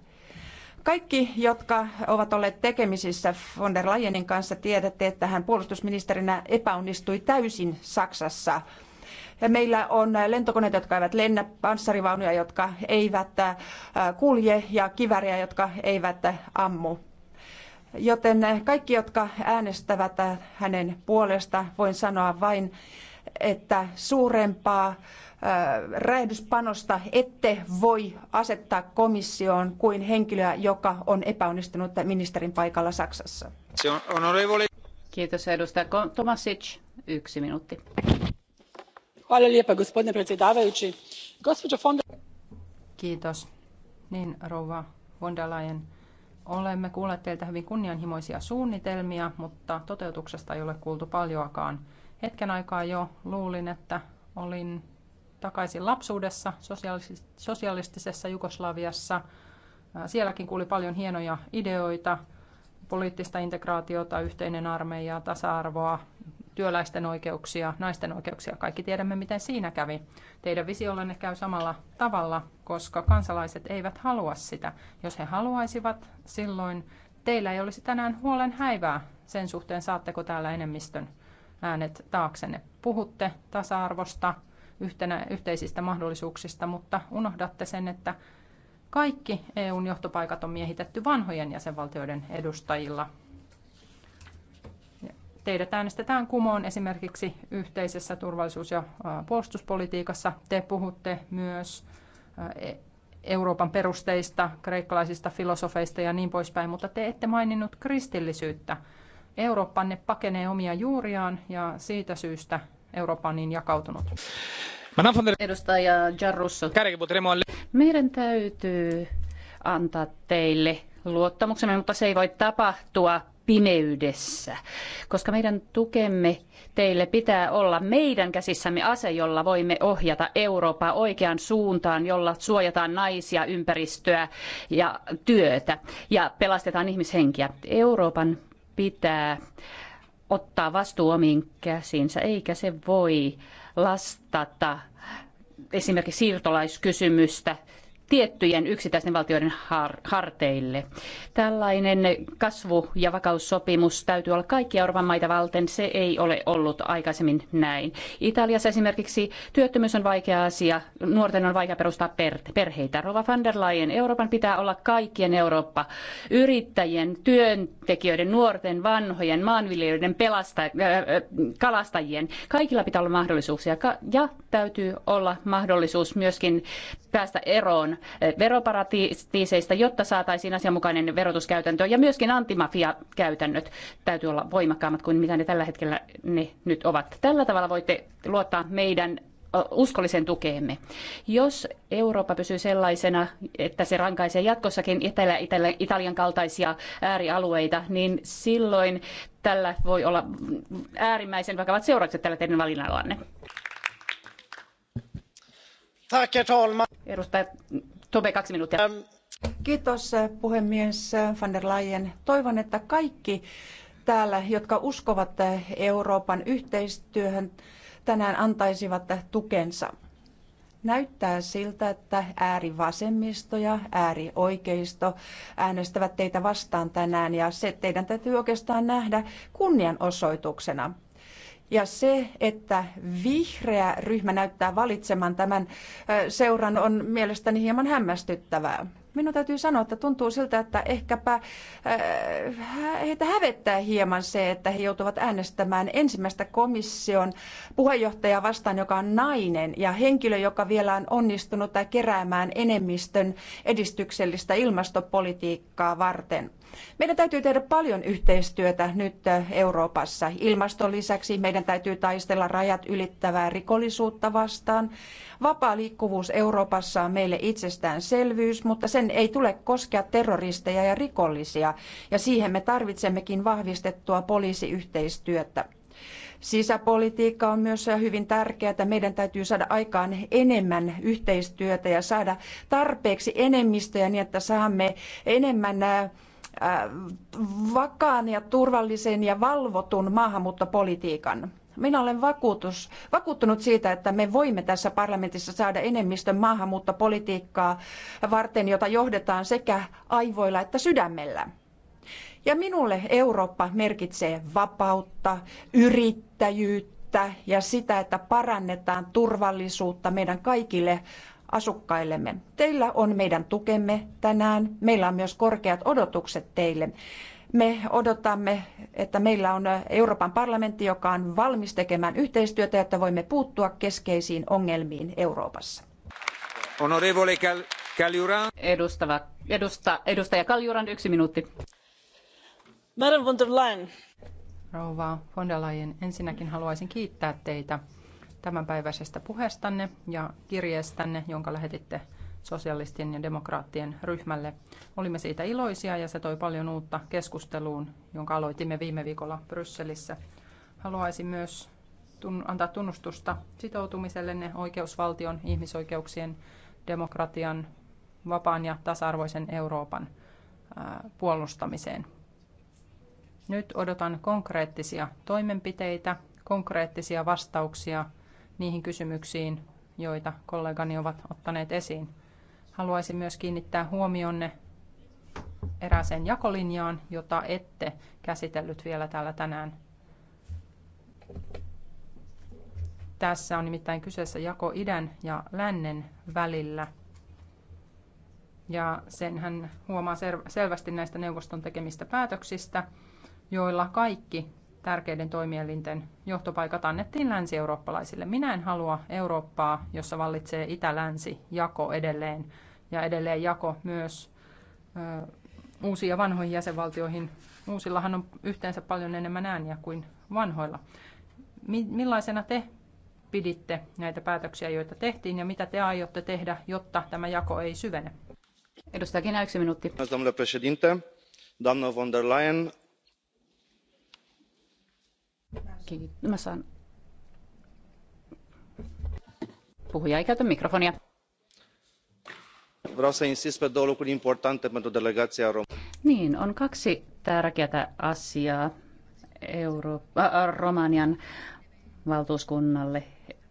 Kaikki, jotka ovat olleet tekemisissä von der Leyenin kanssa, tiedätte, että hän puolustusministerinä epäonnistui täysin Saksassa. Ja meillä on lentokoneet, jotka eivät lennä, panssarivaunuja, jotka eivät äh, kulje ja kiväriä, jotka eivät ammu. Joten kaikki, jotka äänestävät äh, hänen puolesta, voin sanoa vain, että suurempaa räjähdyspanosta ette voi asettaa komissioon kuin henkilöä, joka on epäonnistunut ministerin paikalla Saksassa. Kiitos edustaja Tomasic. Yksi minuutti. gospodine predsjedavajući. Gospođo von Kiitos. Niin, rouva von der Leyen. Olemme kuulleet teiltä hyvin kunnianhimoisia suunnitelmia, mutta toteutuksesta ei ole kuultu paljoakaan. Hetken aikaa jo luulin, että olin takaisin lapsuudessa sosialistisessa Jugoslaviassa. Sielläkin kuuli paljon hienoja ideoita, poliittista integraatiota, yhteinen armeija, tasa-arvoa, työläisten oikeuksia, naisten oikeuksia. Kaikki tiedämme, miten siinä kävi. Teidän visiollenne käy samalla tavalla, koska kansalaiset eivät halua sitä. Jos he haluaisivat, silloin teillä ei olisi tänään huolen häivää sen suhteen, saatteko täällä enemmistön äänet taaksenne. Puhutte tasa-arvosta, yhtenä, yhteisistä mahdollisuuksista, mutta unohdatte sen, että kaikki EUn johtopaikat on miehitetty vanhojen jäsenvaltioiden edustajilla. Teidät äänestetään kumoon esimerkiksi yhteisessä turvallisuus- ja puolustuspolitiikassa. Te puhutte myös e-, Euroopan perusteista, kreikkalaisista filosofeista ja niin poispäin, mutta te ette maininnut kristillisyyttä. Eurooppanne pakenee omia juuriaan ja siitä syystä Eurooppa on niin jakautunut. Edustaja Jarrusso, meidän täytyy antaa teille luottamuksemme, mutta se ei voi tapahtua pimeydessä, koska meidän tukemme teille pitää olla meidän käsissämme ase, jolla voimme ohjata Eurooppaa oikeaan suuntaan, jolla suojataan naisia, ympäristöä ja työtä ja pelastetaan ihmishenkiä. Euroopan pitää ottaa vastuu omiin käsiinsä, eikä se voi lastata esimerkiksi siirtolaiskysymystä tiettyjen yksittäisten valtioiden har- harteille. Tällainen kasvu- ja vakaussopimus täytyy olla kaikkia Euroopan maita valten. Se ei ole ollut aikaisemmin näin. Italiassa esimerkiksi työttömyys on vaikea asia. Nuorten on vaikea perustaa per- perheitä. Rova van der Leyen, Euroopan pitää olla kaikkien Eurooppa. Yrittäjien, työntekijöiden, nuorten, vanhojen, maanviljelijöiden, pelasta- äh, äh, kalastajien. Kaikilla pitää olla mahdollisuuksia ja täytyy olla mahdollisuus myöskin päästä eroon Eh, veroparatiiseista, jotta saataisiin asianmukainen verotuskäytäntö ja myöskin antimafia täytyy olla voimakkaammat kuin mitä ne tällä hetkellä ne nyt ovat. Tällä tavalla voitte luottaa meidän uskollisen tukeemme. Jos Eurooppa pysyy sellaisena, että se rankaisee jatkossakin Etelä- -Italian, Italian kaltaisia äärialueita, niin silloin tällä voi olla äärimmäisen vakavat seuraukset tällä teidän valinnallanne arvoisa Kiitos eh, puhemies eh, van der Leyen. Toivon, että kaikki täällä, jotka uskovat eh, Euroopan yhteistyöhön, tänään antaisivat tukensa. Näyttää siltä, että äärivasemmisto ja äärioikeisto äänestävät teitä vastaan tänään ja se teidän täytyy oikeastaan nähdä kunnianosoituksena. Ja se, että vihreä ryhmä näyttää valitseman tämän seuran, on mielestäni hieman hämmästyttävää. Minun täytyy sanoa, että tuntuu siltä, että ehkäpä heitä hävettää hieman se, että he joutuvat äänestämään ensimmäistä komission puheenjohtajaa vastaan, joka on nainen ja henkilö, joka vielä on onnistunut keräämään enemmistön edistyksellistä ilmastopolitiikkaa varten. Meidän täytyy tehdä paljon yhteistyötä nyt äh, Euroopassa. Ilmaston lisäksi meidän täytyy taistella rajat ylittävää rikollisuutta vastaan. Vapaa liikkuvuus Euroopassa on meille itsestäänselvyys, mutta sen ei tule koskea terroristeja ja rikollisia, ja siihen me tarvitsemmekin vahvistettua poliisiyhteistyötä. Sisäpolitiikka on myös hyvin tärkeää, että meidän täytyy saada aikaan enemmän yhteistyötä ja saada tarpeeksi enemmistöjä niin, että saamme enemmän äh, Äh, vakaan ja turvallisen ja valvotun maahanmuuttopolitiikan. Minä olen vakuutus, vakuuttunut siitä, että me voimme tässä parlamentissa saada enemmistön maahanmuuttopolitiikkaa varten, jota johdetaan sekä aivoilla että sydämellä. Ja minulle Eurooppa merkitsee vapautta, yrittäjyyttä ja sitä, että parannetaan turvallisuutta meidän kaikille asukkaillemme. Teillä on meidän tukemme tänään. Meillä on myös korkeat odotukset teille. Me odotamme, että meillä on Euroopan parlamentti, joka on valmis tekemään yhteistyötä, jotta voimme puuttua keskeisiin ongelmiin Euroopassa. Honorevole Edustava, edusta, edustaja Kaljuran, yksi minuutti. Madam von der Leyen. Rouva von der Leyen, ensinnäkin haluaisin kiittää teitä tämänpäiväisestä puheestanne ja kirjeestänne, jonka lähetitte sosialistien ja demokraattien ryhmälle. Olimme siitä iloisia ja se toi paljon uutta keskusteluun, jonka aloitimme viime viikolla Brysselissä. Haluaisin myös antaa tunnustusta sitoutumisellenne oikeusvaltion, ihmisoikeuksien, demokratian, vapaan ja tasa-arvoisen Euroopan puolustamiseen. Nyt odotan konkreettisia toimenpiteitä, konkreettisia vastauksia niihin kysymyksiin, joita kollegani ovat ottaneet esiin. Haluaisin myös kiinnittää huomionne erääseen jakolinjaan, jota ette käsitellyt vielä täällä tänään. Tässä on nimittäin kyseessä jako idän ja lännen välillä. Ja sen hän huomaa selvästi näistä neuvoston tekemistä päätöksistä, joilla kaikki tärkeiden toimielinten johtopaikat annettiin länsi-eurooppalaisille. Minä en halua Eurooppaa, jossa vallitsee itä-länsi jako edelleen ja edelleen jako myös ö, uusiin ja vanhoihin jäsenvaltioihin. Uusillahan on yhteensä paljon enemmän ääniä kuin vanhoilla. Mi- millaisena te piditte näitä päätöksiä, joita tehtiin ja mitä te aiotte tehdä, jotta tämä jako ei syvene? Edustaja Kinä, yksi minuutti. Domnule președinte, doamnă von der Leyen, Mä saan... Puhuja ei käytä mikrofonia. Vreau să insist pe două lucruri importante pentru delegația română. Niin, on kaksi tärkeää asiaa Euro- ä, Romanian valtuuskunnalle.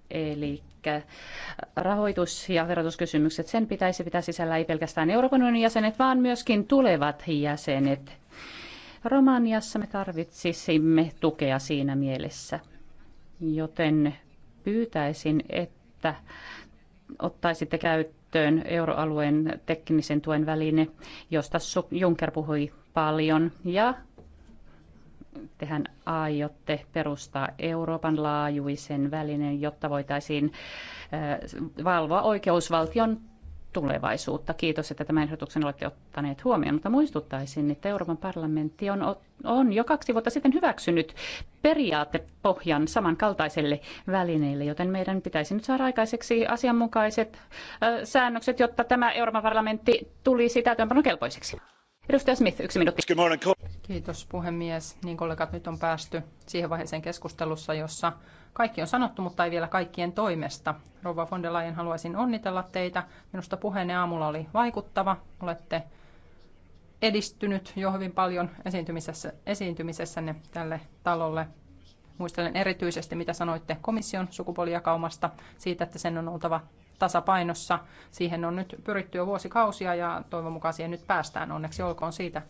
Eli rahoitus- ja verotuskysymykset, sen pitäisi pitää sisällä ei pelkästään Euroopan unionin jäsenet, vaan myöskin tulevat jäsenet Romaniassa me tarvitsisimme tukea siinä mielessä, joten pyytäisin, että ottaisitte käyttöön euroalueen teknisen tuen väline, josta Juncker puhui paljon, ja tehän aiotte perustaa Euroopan laajuisen välineen, jotta voitaisiin valvoa oikeusvaltion tulevaisuutta. Kiitos, että tämän ehdotuksen olette ottaneet huomioon, mutta muistuttaisin, että Euroopan parlamentti on, on jo kaksi vuotta sitten hyväksynyt periaatepohjan samankaltaiselle välineelle, joten meidän pitäisi nyt saada aikaiseksi asianmukaiset säännökset, jotta tämä Euroopan parlamentti tulisi täytäntöönpanokelpoiseksi. Edustaja Smith, yksi minuutti. Kiitos puhemies. Niin kollegat, nyt on päästy siihen vaiheeseen keskustelussa, jossa kaikki on sanottu, mutta ei vielä kaikkien toimesta. Rouva von der Leyen, haluaisin onnitella teitä. Minusta puheenne aamulla oli vaikuttava. Olette edistynyt jo hyvin paljon esiintymisessä, esiintymisessänne tälle talolle. Muistelen erityisesti, mitä sanoitte komission sukupuolijakaumasta, siitä, että sen on oltava tasapainossa. Siihen on nyt pyritty jo vuosikausia ja toivon mukaan siihen nyt päästään. Onneksi olkoon siitä.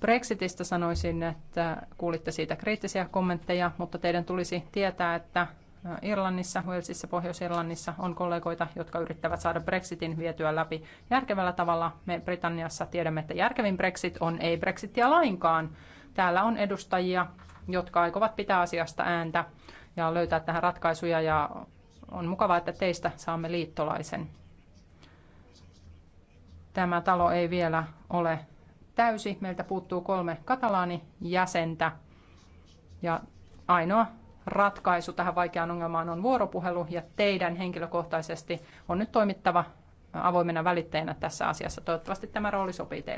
Brexitistä sanoisin, että kuulitte siitä kriittisiä kommentteja, mutta teidän tulisi tietää, että Irlannissa, Walesissa, Pohjois-Irlannissa on kollegoita, jotka yrittävät saada Brexitin vietyä läpi järkevällä tavalla. Me Britanniassa tiedämme, että järkevin Brexit on ei Brexitia lainkaan. Täällä on edustajia, jotka aikovat pitää asiasta ääntä ja löytää tähän ratkaisuja ja on mukavaa, että teistä saamme liittolaisen. Tämä talo ei vielä ole täysi. Meiltä puuttuu kolme katalaanijäsentä. Ja ainoa ratkaisu tähän vaikeaan ongelmaan on vuoropuhelu ja teidän henkilökohtaisesti on nyt toimittava avoimena välittäjänä tässä asiassa. Toivottavasti tämä rooli sopii teille.